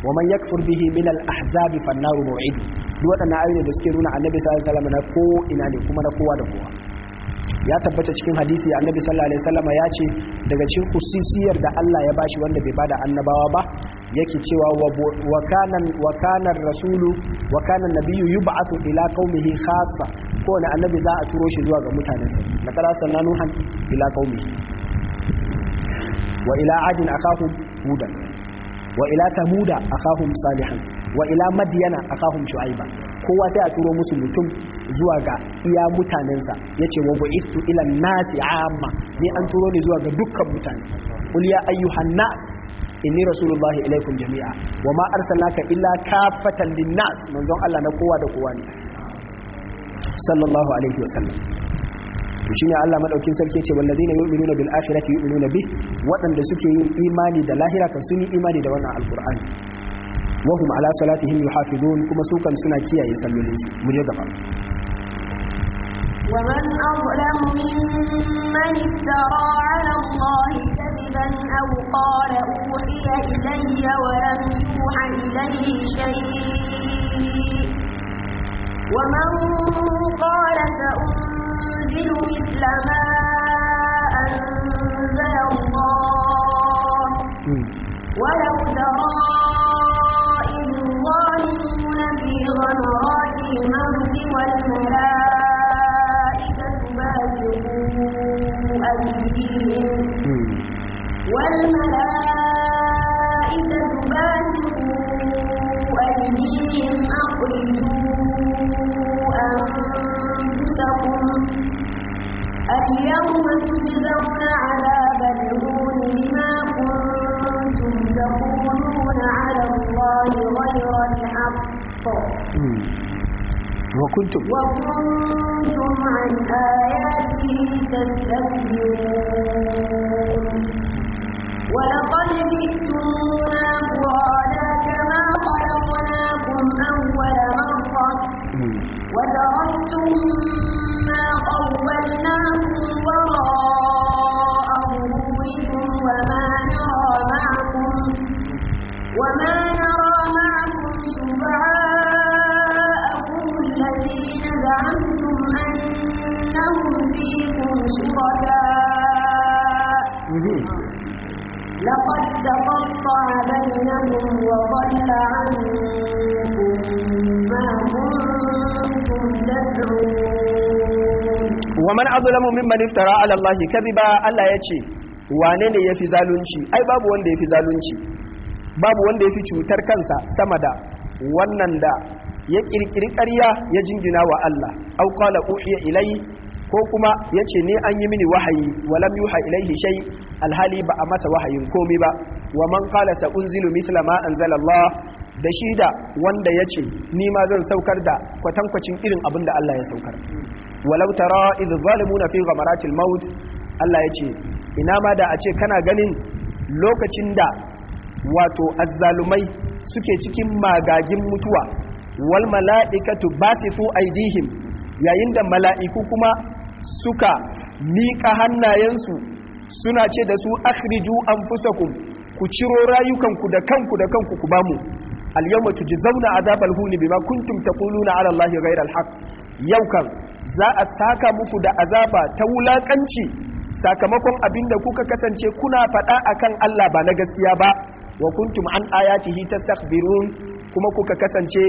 wa man yakfur bihi min al ahzabi fannaru naru mu'id duk waɗannan ayoyi da suke nuna annabi sallallahu alaihi na ko ina ne kuma na kowa da kowa ya tabbata cikin hadisi annabi sallallahu alaihi wasallam ya ce daga cikin khususiyar da Allah ya bashi wanda bai bada annabawa ba yake cewa wa kana wa kana rasulu wa kana nabiyyu yub'athu ila qaumihi khassa ko wani annabi za a turo shi zuwa ga mutanensa laqad arsalna nuhan ila qaumihi wa ila adin akahum hudan wa ila tamuda akahum salihan wa ila madyana akahum shu'aiba kowa sai a turo musu mutum zuwa ga iya mutanensa ya ce wa bu'istu ila nasi amma ni an turo ni zuwa ga dukkan mutane qul ya ayyuhan na inni rasulullahi ilaikum jami'a wa ma arsalnaka illa kafatan nas? manzon Allah na kowa da kowa ne sallallahu alaihi wasallam to shine Allah madaukin sarki yace wallazina yu'minuna bil akhirati yu'minuna bih wadanda suke yin imani da lahira kan sun yi imani da wannan alqur'ani وهم على صلاتهم يحافظون كما سوكا su كيا suna من sallolin ومن أظلم ممن افترى على الله كذبا أو قال أوحي إلي ولم يوحى إليه شيء ومن قال سأنزل مثل ما والملائكة وكنتم وكنتم عن آياته تستكبرون ولقد جئتمونا لقد تقطع بينهم وضل عنكم ما كنتم تدعون ومن أظلم ممن افترى على الله كذبا ألا يتشي wane ne ya fi zalunci ai babu wanda ya fi zalunci babu wanda ya fi cutar kansa sama da wannan da ya kirkiri ƙarya ya jingina wa Allah au qala uhiya ilai ko kuma yace ne an yi mini wahayi walam yuha ilaihi shay alhali ba a masa wahayin komi ba wa man kala ta unzilu misla ma da shi da wanda yace ni ma zan saukar da kwatankwacin irin abin da Allah ya saukar walau tara idh zalimuna fi ghamaratil maut Allah yace ina ma da a ce kana ganin lokacin da wato azzalumai suke cikin magagin mutuwa wal mala'ikatu batifu aidihim yayin da mala'iku kuma suka miƙa hannayensu suna ce da su akhriju anfusakum ku ciro rayukanku da kanku da kanku ku bamu al yawma tujzauna azabal huni bima kuntum taquluna ala allahi ghayra al haqq yau kan za a saka muku da azaba ta wulakanci sakamakon abinda kuka kasance kuna faɗa akan Allah ba na gaskiya ba wa kuntum an ayatihi tastakbirun kuma kuka kasance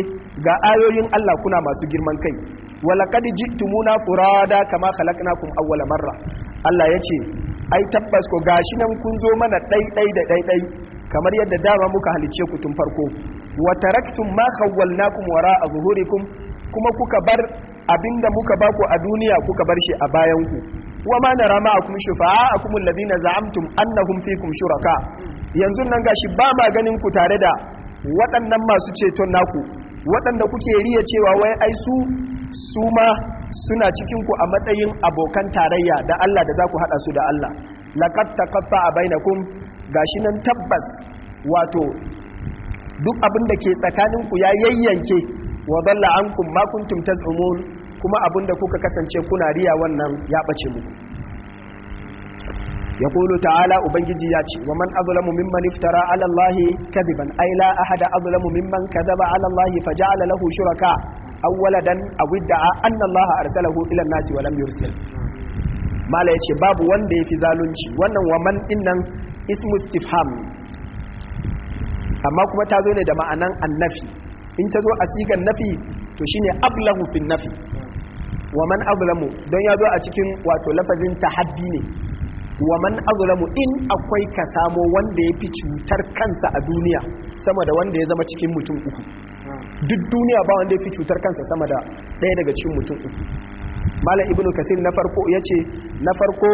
ga ayoyin Allah kuna masu girman kai wa laqad jittumuna furada kama khalaqnakum awwala marra Allah yace ai tabbas ko gashi nan kun zo mana ɗaiɗai da ɗaiɗai kamar yadda dama muka halicce ku tun farko wa taraktum ma khawwalnakum wara a zuhurikum kuma kuka bar abinda muka baku a duniya kuka bar shi a bayan ku wa ma nara shufa'a akum alladhina za'amtum annahum fikum shuraka yanzu nan gashi ba ma ganin ku tare da waɗannan masu ceton naku waɗanda kuke riya cewa wai ai su su ma suna cikin ku a matsayin abokan tarayya da Allah da za ku hada su da Allah a taqatta'a ga gashi nan tabbas wato duk abin da ke tsakanin ku ya yayyanke wa an kun ma kuma abin da kuka kasance kuna riya wannan ya ɓace muku ya kulu ta'ala ubangiji ya ce wa man azlamu mimman iftara ala allahi kadiban ay la ahada azlamu mimman kadaba ala allahi faja'ala lahu shuraka awwala dan awidda idda'a anna Allah arsalahu ila nasi wa lam yursil mala yace babu wanda yafi zalunci wannan wa man dinnan ismu istifham amma kuma ta zo ne da ma'anan annafi in ta zo a sigan nafi to shine ablahu fil nafi wa man ablamu don ya zo a cikin wato lafazin tahaddi ne wa man azlamu in akwai ka samo wanda ya fi cutar kansa a duniya sama da wanda ya zama cikin mutum uku duk duniya ba wanda ya fi cutar kansa sama da ɗaya daga cikin mutum uku malam ibnu kasir na farko ya ce na farko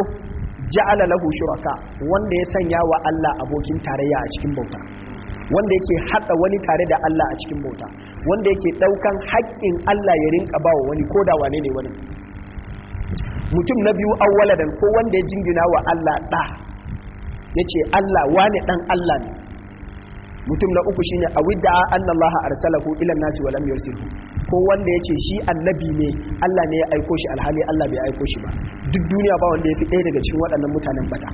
ja'ala lahu shuraka wanda ya sanya wa Allah abokin tarayya a cikin bauta wanda yake hada wani tare da Allah a cikin bauta wanda yake daukan haƙƙin Allah ya rinka bawa wani ko da wane ne wani mutum na biyu awwaladan ko wanda ya jingina wa Allah da yace Allah wane dan Allah ne mutum na uku shine awidda annallaha arsalahu ila nasi walam yursilhu ko wanda yace shi annabi ne Allah ne ya aiko shi alhali Allah bai aiko shi ba duk duniya ba wanda yafi ɗaya daga cikin waɗannan mutanen bata.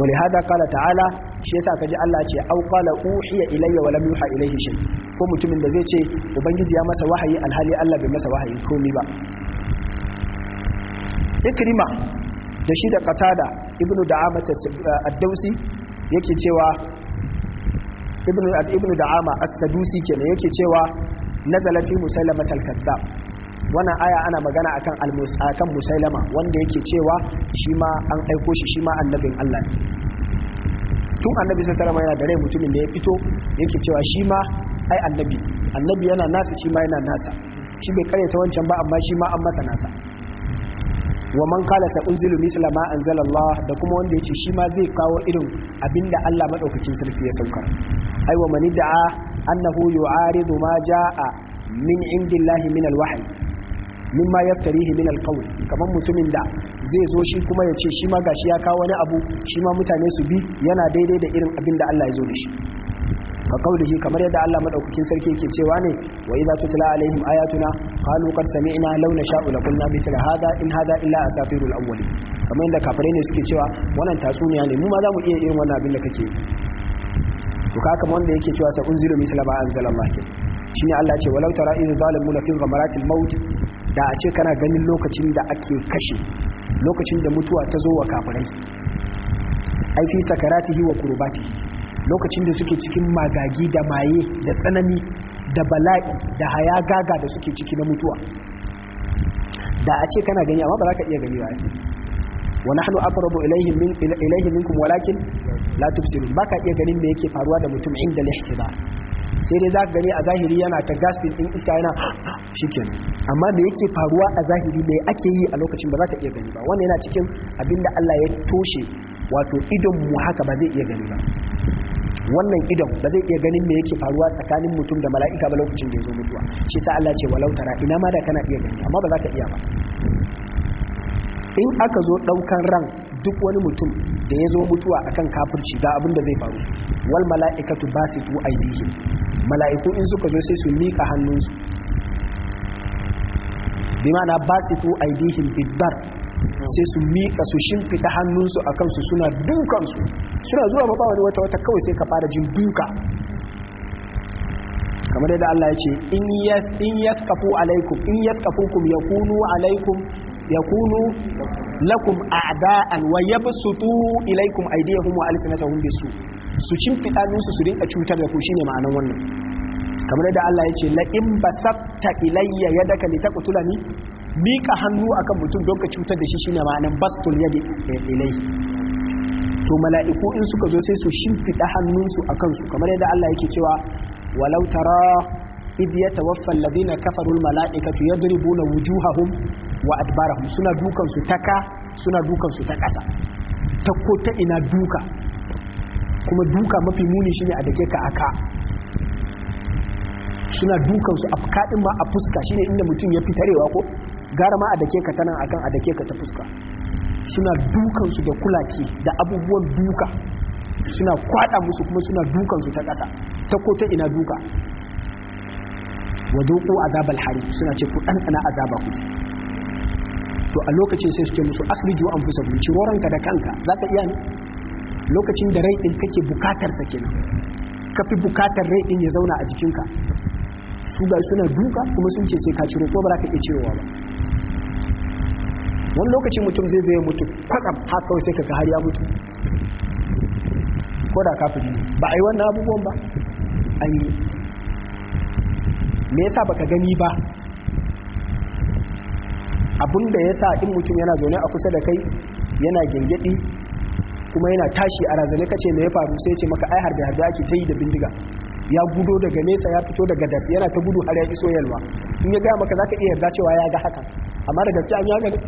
wani hada kala ta'ala shi yasa kaji Allah ce au qala uhiya ilayya wa lam yuha ilayhi shay ko mutumin da zai ce ubangiji ya masa wahayi alhali Allah bai masa wahayi komai ba ikrima da shi da qatada ibnu da'amata eh, ad dawsi yake cewa ibn al-Ibnu ibn da'ama as-sadusi kenan yake cewa nazala fi musailama al-kazzab wannan aya ana magana akan al-musakan musailama wanda yake cewa shi ma an aiko shi shi ma annabin Allah tun annabi sallallahu alaihi yana da rai mutumin da ya fito yake cewa shi ma ai annabi annabi yana nasa shi ma yana nasa shi bai karyata wancan ba amma shi ma an masa nasa wa man kala sa unzilu misla ma anzalallah da kuma wanda yace shi ma zai kawo irin abinda Allah madaukakin sarki ya saukar Aiwa wa man da'a annahu yu'aridu ma ja'a min indillahi min alwahyi mimma yaftarihi min alqawl kamar mutumin da zai zo shi kuma ya ce shi ma gashi ya kawo wani abu shi ma mutane su bi yana daidai da irin abin da Allah ya zo da shi ka kaulihi kamar yadda Allah madaukakin sarki yake cewa ne wa idza tutla alaihim ayatuna qalu qad sami'na law nasha'u la qulna mithla hadha in hadha illa asafirul awwalin kamar yadda kafirai ne suke cewa wannan tatsuniya ne mu ma za mu iya irin wannan abin da kake to ka kama wanda yake cewa sa unziru misla ma anzalallah shine Allah ce walau tara idh zalimuna fi ghamaratil maut da a ce kana ganin lokacin da ake kashe lokacin da mutuwa ta zo wa kafirai ai fi sakaratihi wa qurbatihi lokacin da suke cikin magagi da maye da tsanani da bala'i da haya gaga da suke ciki na mutuwa da a ce kana gani amma ba za ka iya gani ba wa nahnu aqrabu ilayhi min ilayhi minkum walakin la tubsirun baka iya ganin me yake faruwa da mutum inda al sai dai zaka gani a zahiri yana ta gaspin din iska yana ah, shikenan amma me yake faruwa a zahiri me ake yi a lokacin ba za ka iya gani ba wannan yana cikin abinda Allah ya toshe wato idon mu haka ba zai iya gani ba wannan idon ba zai iya ganin me yake faruwa tsakanin mutum da mala'ika ba lokacin da ya zo mutuwa shi sa Allah ce walau tara ina ma da kana iya gani amma ba za ka iya ba in aka zo daukan ran duk wani mutum da ya zo mutuwa akan kafirci ga abin da zai faru wal mala'ikatu basitu aydihim mala'iku in suka zo sai su mika hannunsu bi ma'ana basitu aydihim bidbar sai su mika su shimfita hannunsu akan su suna dukansu suna zuwa ba wani wata wata kawai sai ka fara jin duka kamar yadda Allah ya ce in yaskafu alaikum in yaskafukum yakunu alaikum yakunu lakum a'da'an wa yabsutu ilaykum aydiyahum wa alsinatahum bisu su cimfida nusu su rinka cutar da ku shine ma'anan wannan kamar da Allah ya ce la in basatta ilayya yadaka litaqtulani mika hannu akan mutum don ka cutar da shi shine ma'anan bastul yadi ilai to mala'iku in suka zo sai su shimfiɗa hannunsu akan su kamar yadda Allah yake cewa walau tara idh yatawaffa alladhina kafaru almala'ikatu na wujuhahum wa adbarahum suna dukan su ta ka suna dukan su ta kasa ta ko ta ina duka kuma duka mafi muni shine a dake ka aka suna dukan su afkadin ma a fuska shine inda mutum ya fitarewa ko gara ma a dake ka tana akan a dake ka ta fuska suna dukan su da kulaki da abubuwan duka suna kwada musu kuma suna dukan su ta kasa ta ko ta ina duka wa duku azabal hari suna ce ku dan ana azaba ku to a lokacin sai suke musu akhriju anfusakum ciro ranka da kanka zaka iya ne lokacin da rai din kake bukatar sa kenan kafi bukatar rai din ya zauna a jikinka su ga suna duka kuma sun ce sai ka ciro ko ba za ka iya cirowa ba wani lokacin mutum zai zai mutu kwatsam haka kawai sai kaga har ya mutu ko da kafin ba a yi wannan abubuwan ba an yi me yasa baka gani ba abin da ya sa in mutum yana zaune a kusa da kai yana gyangyaɗi kuma yana tashi a razane kace me ya faru sai ce maka ai har da harda ake ta yi da bindiga ya gudo daga nesa ya fito daga das yana ta gudu har ya iso yalwa in ya gaya maka zaka iya yarda cewa ya ga haka amma da gaskiya an ya gani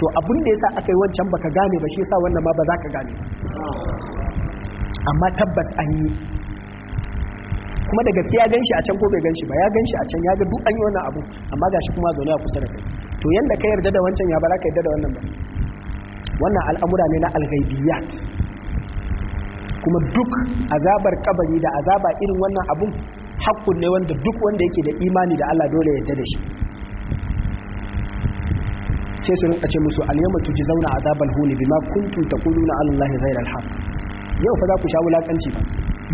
to abin da sa aka yi wancan baka gane ba shi yasa wannan ma ba za ka gane amma tabbas an yi kuma da gaskiya ya ganshi a can ko bai ganshi ba ya ganshi a can ya ga duk an yi wannan abu amma gashi kuma zaune a kusa da kai to yanda ka yarda da wancan ya ba za ka yarda da wannan ba wannan al'amura ne na alghaibiyat kuma duk azabar kabari da azaba irin wannan abun hakkun ne wanda duk wanda yake da imani da Allah dole yarda da shi sai su rinka ce musu al-yawma tujzauna azabal huni bima kuntum taquluna ala Allah ghayra al-haq yau fa za ku sha wulakanci ba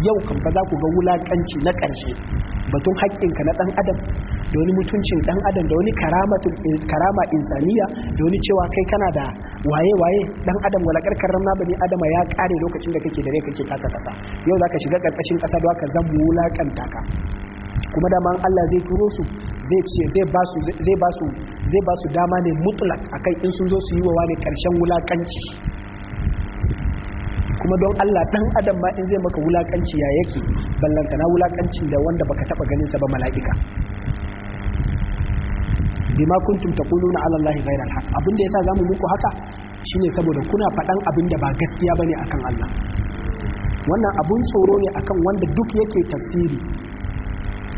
yau kan ba za ku ga wulakanci na ƙarshe batun haƙƙinka na ɗan adam da wani mutuncin ɗan adam da wani karama insaniya da wani cewa kai kana da waye-waye ɗan adam wala ƙarƙar ramna bane adama ya ƙare lokacin da kake da rai kake kasa-kasa? yau za ka shiga ƙarƙashin ƙasa da ka zan wulakanta ka kuma dama Allah zai turo su zai ba su zai ba su zai ba su dama ne mutlak akai in sun zo su yi wa wani ƙarshen wulakanci kuma don Allah dan adam ma in zai maka wulakanci ya yake ballanta na wulakancin da wanda baka taba ganin sa ba mala'ika bima kuntum taquluna ala Allah ghayra alhaq abin da yasa zamu muku haka shine saboda kuna faɗan abinda ba gaskiya bane akan Allah wannan abun tsoro ne akan wanda duk yake tafsiri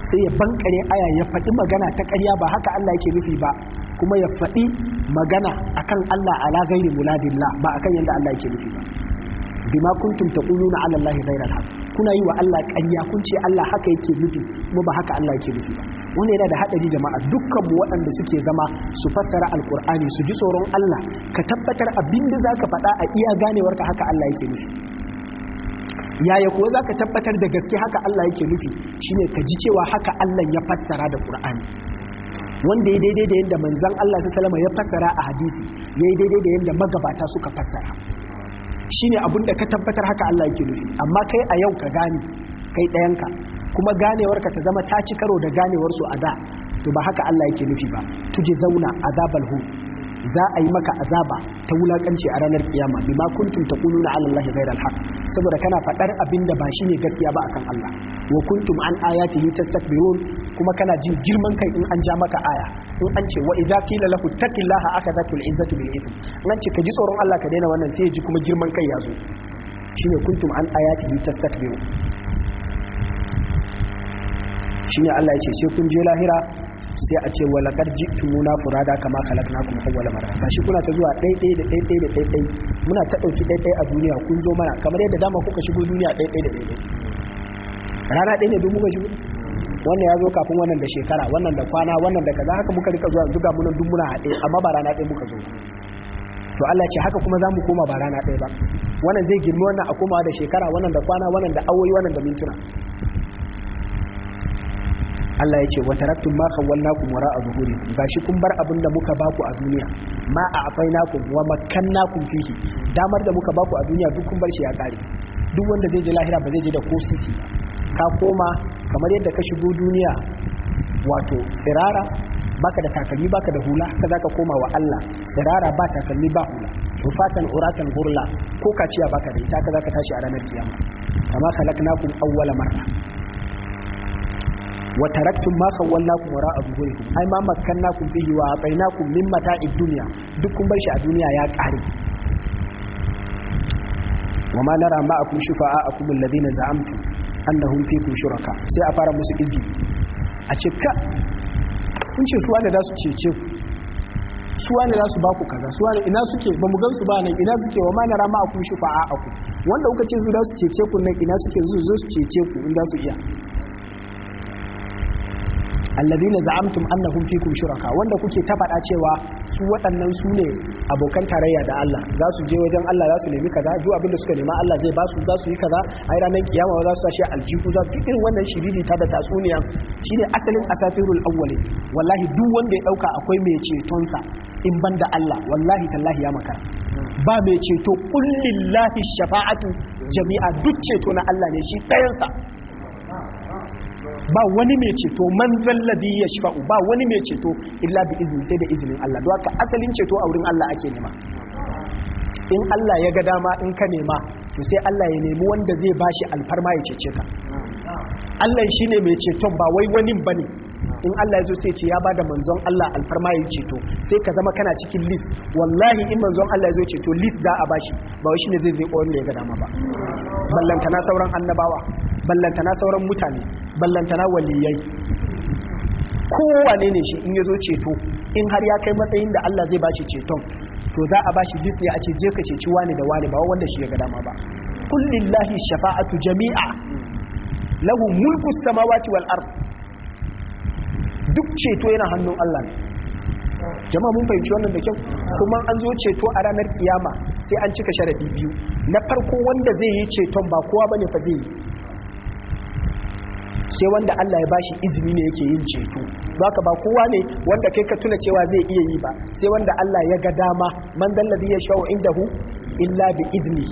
sai ya bankare aya ya faɗi magana ta ƙarya ba haka Allah yake nufi ba kuma ya faɗi magana akan Allah ala ghayri muladillah ba akan yanda Allah yake nufi ba bima kuntum taquluna ala allahi ghayra alhaq kuna yi wa Allah ƙarya kun ce Allah haka yake nufi kuma ba haka Allah yake nufi ba yana da haɗari jama'a dukkan mu waɗanda suke zama su fassara alkur'ani su ji tsoron Allah ka tabbatar abin da zaka faɗa a iya ganewar ka haka Allah yake nufi yaya kuwa zaka tabbatar da gaske haka Allah yake nufi shine ka ji cewa haka Allah ya fassara da Qur'ani wanda ya daidai da yadda manzon Allah sallallahu ya fassara a hadisi ya daidai da yadda magabata suka fassara shine abin da ka tabbatar haka Allah yake nufi amma kai a yau ka gane kai ɗayanka kuma ganewarka ta zama ta ci karo da ganewar su a da to ba haka Allah yake nufi ba tuje zauna azabal hu za a yi maka azaba ta wulakanci a ranar kiyama bima kuntum taquluna ala allahi ghayra alhaq saboda kana fadar abin da ba shine gaskiya ba akan Allah wa kuntum an ayatihi tastakbirun kuma kana jin girman kai in an ja maka aya in an ce wa idza qila lahu taqillaha akadatul izzatu bil ithm an ce ka ji tsoron Allah ka daina wannan sai ji kuma girman kai ya zo shine kuntum an ayatihi tastakbiru shine Allah ya ce sai kun je lahira sai a ce wala kad jitumuna furada kama khalaqnakum awwala marra shi kuna ta zuwa dai dai da dai dai da dai dai muna ta dauki dai dai a duniya kun zo mana kamar yadda dama kuka shigo duniya dai dai da dai dai rana dai ne don muka shigo wannan ya zo kafin wannan da shekara wannan da kwana wannan da kaza haka muka rika zuwa zuga munan duk muna haɗe amma ba rana ɗaya muka zo to Allah ce haka kuma za mu koma ba rana ɗaya ba wannan zai girma wannan a komawa da shekara wannan da kwana wannan da awoyi wannan da mintuna Allah ya ce wa taraktum ma khawwalnakum a zuhuri gashi kun bar abin da muka baku a duniya ma a afainakum wa makkannakum fihi damar da muka baku a duniya duk kun bar shi ya kare duk wanda zai je lahira ba zai je da ko sisi ba ka koma kamar yadda ka shigo duniya wato sirara baka da takalmi baka da hula haka zaka koma wa Allah sirara ba takalmi ba hula rufatan uratan gurla ko kaciya baka da ita haka zaka tashi a ranar kiyama kama khalaqnakum awwala marra wa taraktum ma khawwalnakum wara'a zuhurikum ai ma makkannakum bihi wa atainakum min mata'id dunya duk kun bar shi a duniya ya kare وما نرى معكم شفعاءكم الذين زعمتم annahum fikum shuraka sai a fara musu izgi a ce ka kun ce suwa ne za su cece ku suwa ne za su ba ku kaza suwa ne ina suke ba mu gansu ba nan ina suke wa mana rama a kun shi fa'a a ku wanda kuka ce su za su cece ku nan ina suke zuzu zo su cece ku in za su iya alladhina za'amtum annahum fikum shuraka wanda kuke ta faɗa cewa su waɗannan su ne abokan tarayya da Allah za su je wajen Allah za su nemi kaza duk abin da suka nema Allah zai ba su za su yi kaza a ranar kiyama za su sashi aljihu za su irin wannan shiriri ta da tatsuniya shine asalin asafirul awwali wallahi duk wanda ya ɗauka akwai mai cetonsa in ban da Allah wallahi tallahi ya maka ba mai ceto kullillahi shafa'atu jami'a duk ceto na Allah ne shi ɗayansa ba wani mai ceto man zalladi ya shafa'u ba wani mai ceto illa bi izini sai da izinin Allah don haka asalin ceto a wurin Allah ake nema in Allah ya ga dama in ka nema to sai Allah ya nemi wanda zai bashi alfarma ya cece ka Allah shi ne mai ceton ba wai wani ba ne. in Allah ya zo sai ce ya bada manzon Allah alfarma ya ceto sai ka zama kana cikin list wallahi in manzon Allah ya zo ceto list za a bashi ba wai ne zai zai koyar da ya ga dama ba ballanta na sauran annabawa ballanta na sauran mutane ballantana waliyai kowane ne shi in ya zo ceto in har ya kai matsayin da Allah zai shi ceton to za a bashi duk a ce je ka ceci wani da wani ba wanda shi ya ga dama ba kullillahi shafa'atu jami'a lahu mulku samawati wal ard duk ceto yana hannun Allah ne jama'a mun fahimci wannan da kyau kuma an zo ceto a ranar kiyama sai an cika sharadi biyu na farko wanda zai yi ceton ba kowa bane fa zai yi sai wanda Allah ya bashi izini ne yake yin ceto ka ba kowa ne wanda kai ka tuna cewa zai iya yi ba sai wanda Allah ya ga dama man ya yashau indahu illa bi idni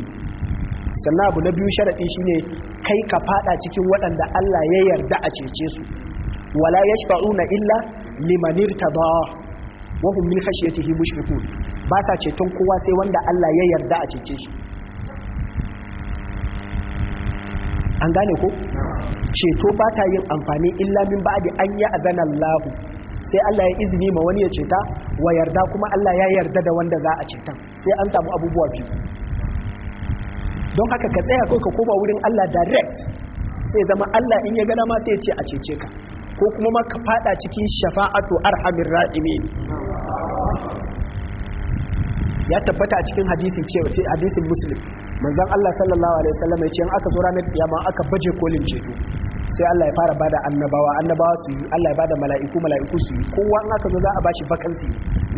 sannan abu na biyu sharadi shine kai ka fada cikin waɗanda Allah ya yarda a cece su wala yashfa'una illa liman irtada wa hum min khashyatihi mushfiqun ba ta ceton kowa sai wanda Allah ya yarda a cece shi an gane ko ceto ba ta yin amfani illa min ba'di an ya azana Allah sai Allah ya izini ma wani ya ceta wa yarda kuma Allah ya yarda da wanda za a ceta sai an samu abubuwa biyu don haka ka tsaya ko ka koma wurin Allah direct sai zama Allah in ya gana ma sai ya ce a cece ka ko kuma ma ka fada cikin shafa'atu arhamir ra'imin ya tabbata a cikin hadisin cewa hadisin muslim manzan Allah sallallahu alaihi wasallam ya ce in aka zo ranar kiyama aka baje kolin ceto sai Allah ya fara bada annabawa annabawa su yi Allah ya bada mala'iku mala'iku su yi kowa in aka zo za a bashi vacancy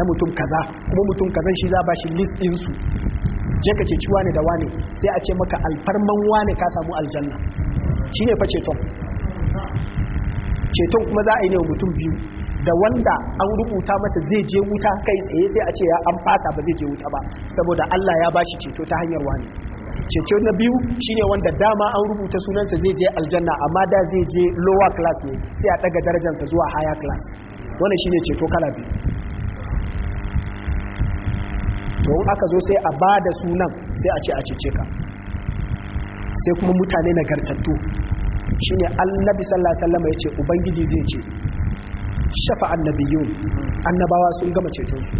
na mutum kaza kuma mutum kazan shi za a bashi list din su je ka ce ciwa ne da wane sai a ce maka alfarman wane ka samu aljanna shine fa ceton ceton kuma za a yi ne wa mutum biyu da wanda an rubuta mata zai je wuta kai tsaye sai a ce ya an fata ba zai je wuta ba saboda Allah ya bashi ceto ta hanyar wani cece na biyu shine wanda dama an rubuta sunansa zai je aljanna amma da zai je lower class ne sai a daga darajarsa zuwa higher class wannan shine ceto kala biyu don aka zo sai a ba da sunan sai a ce a cece ka sai kuma mutane na nagartattu shine annabi sallallahu alaihi wasallam yace ubangiji zai ce shafa annabiyun annabawa sun gama ceton su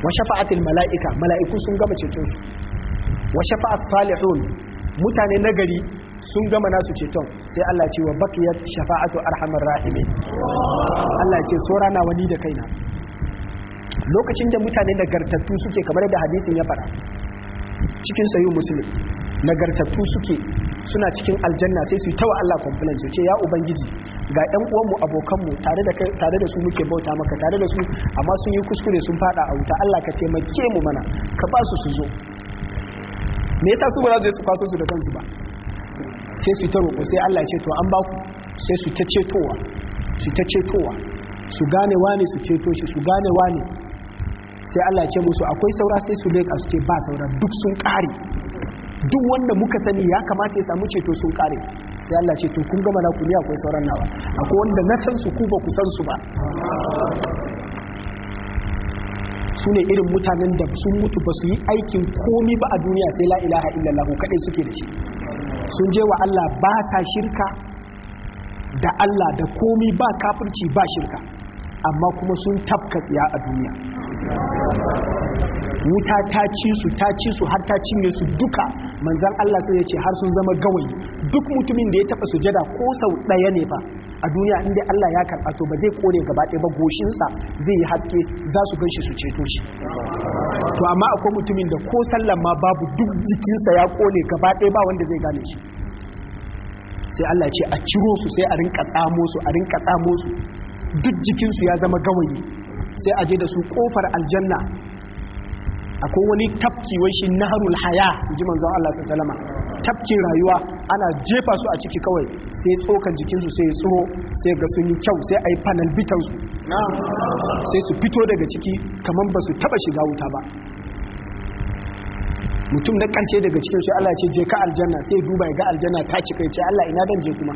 wa shafa'atil mala'ika mala'iku sun gama ceton su wa shafa'at salihun mutane nagari sun gama nasu ceton sai Allah ce wa baqiyat shafa'atu arhamar rahimin Allah ce sora na wani da kaina lokacin da mutane nagartattu suke kamar da hadisin ya fara cikin sayu muslim nagartattu suke suna cikin aljanna sai su yi tawa Allah complain su ce ya ubangiji ga ɗan uwanmu abokanmu tare da su muke bauta maka tare da su amma sun yi kuskure sun fada a wuta Allah ka taimake mu mana ka ba su su zo me yasa su ba za su je su kwaso su da kansu ba sai su ta roƙo sai Allah ya ce to an ba ku sai su ta cetowa su ta cetowa su gane wane su ceto shi su gane wane sai Allah ya ce musu akwai saura sai su leƙa su ce ba saura duk sun ƙare duk wanda muka sani ya kamata ya samu ceto sun ƙare sai Allah ce to kun gama na ku ne akwai sauran nawa akwai wanda na san su ku ba ku san su ba su ne irin mutanen da sun mutu ba su yi aikin komi ba a duniya sai la ilaha illallah kaɗai suke da shi sun je wa Allah ba ta shirka da Allah da komi ba kafirci ba shirka amma kuma sun tafka tsiya a duniya wuta ta ci su ta ci su har ta cinye su duka manzan Allah sai ya ce har sun zama gawayi duk mutumin da ya taba sujada ko sau ɗaya ne ba a duniya inda Allah ya karɓa to ba zai kone gaba ɗaya ba goshinsa zai yi haske za su ganshi su ceto shi to amma akwai mutumin da ko sallan ma babu duk jikinsa ya kone gaba ɗaya ba wanda zai gane shi sai Allah ce a ciro su sai a rinka tsamo su a rinka tsamo su duk jikinsu ya zama gawayi sai a je da su kofar aljanna akwai wani tafki shi naharul haya ji manzon Allah ta salama tafkin rayuwa ana jefa su a ciki kawai sai tsokan jikinsu sai ya tsoro sai ga sun yi kyau sai a yi panel bitansu sai su fito daga ciki kamar ba su taba shiga wuta ba mutum na kance daga cikin shi Allah ce je ka aljanna sai duba ya ga aljanna ta cika ya ce Allah ina dan je kuma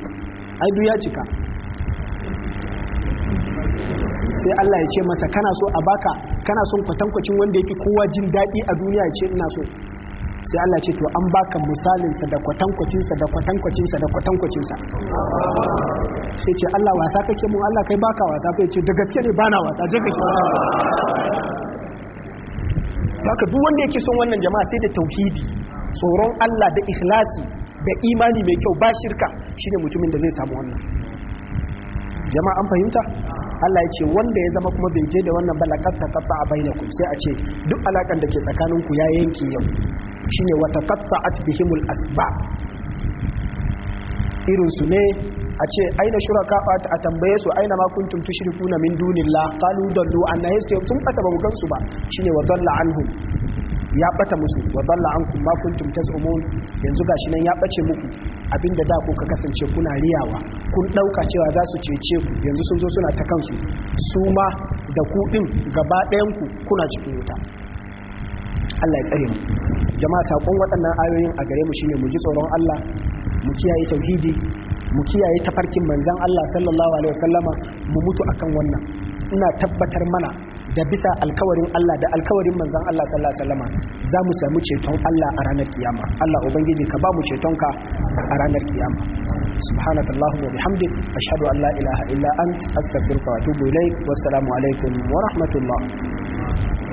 ai duk ya cika sai Allah ya ce mata kana so a baka kana son kwatankwacin wanda yake kowa jin daɗi a duniya ya ce ina so sai Allah ce to an baka misalin sa da kwatankwacin sa da kwatankwacin sa da kwatankwacin sa sai ce Allah wasa kake mu Allah kai baka wasa kai ce da gaske ne bana wasa je kake haka duk wanda yake son wannan jama'a sai da tauhidi tsoron Allah da ikhlasi da imani mai kyau ba shirka shine mutumin da zai samu wannan jama'a an fahimta Allah ya ce wanda ya zama kuma bai je da wannan balakar ta kafa a bainakum sai a ce duk alakan da ke tsakaninku ya yanke yau shine wata a bihimul asba irin su ne a ce aina shuraka a tambaye su aina ma kuntum kuna min dunillah qalu dallu anna yasu sun bata ba bugan su ba shine wa dalla ya bata musu wa dalla ankum ma tazumun yanzu gashi nan ya bace muku abinda da ku ka kasance kuna riyawa kun dauka cewa za su cece ku yanzu sun zo suna ta kansu su ma da kuɗin din gaba ɗayan ku kuna cikin wuta Allah ya tsare mu jama'a sakon waɗannan ayoyin a gare mu shine mu ji tsoron Allah mu kiyaye tauhidi mu kiyaye tafarkin manzon Allah sallallahu alaihi wasallama mu mutu akan wannan ina tabbatar mana da bisa alkawarin Allah da alkawarin manzon Allah sallallahu alaihi wasallama za mu samu ceton Allah a ranar kiyama Allah ubangiji ka ba mu ka a ranar kiyama سبحانك اللهم وبحمدك أشهد أن لا إله إلا أنت أستغفرك وأتوب إليك والسلام عليكم ورحمة الله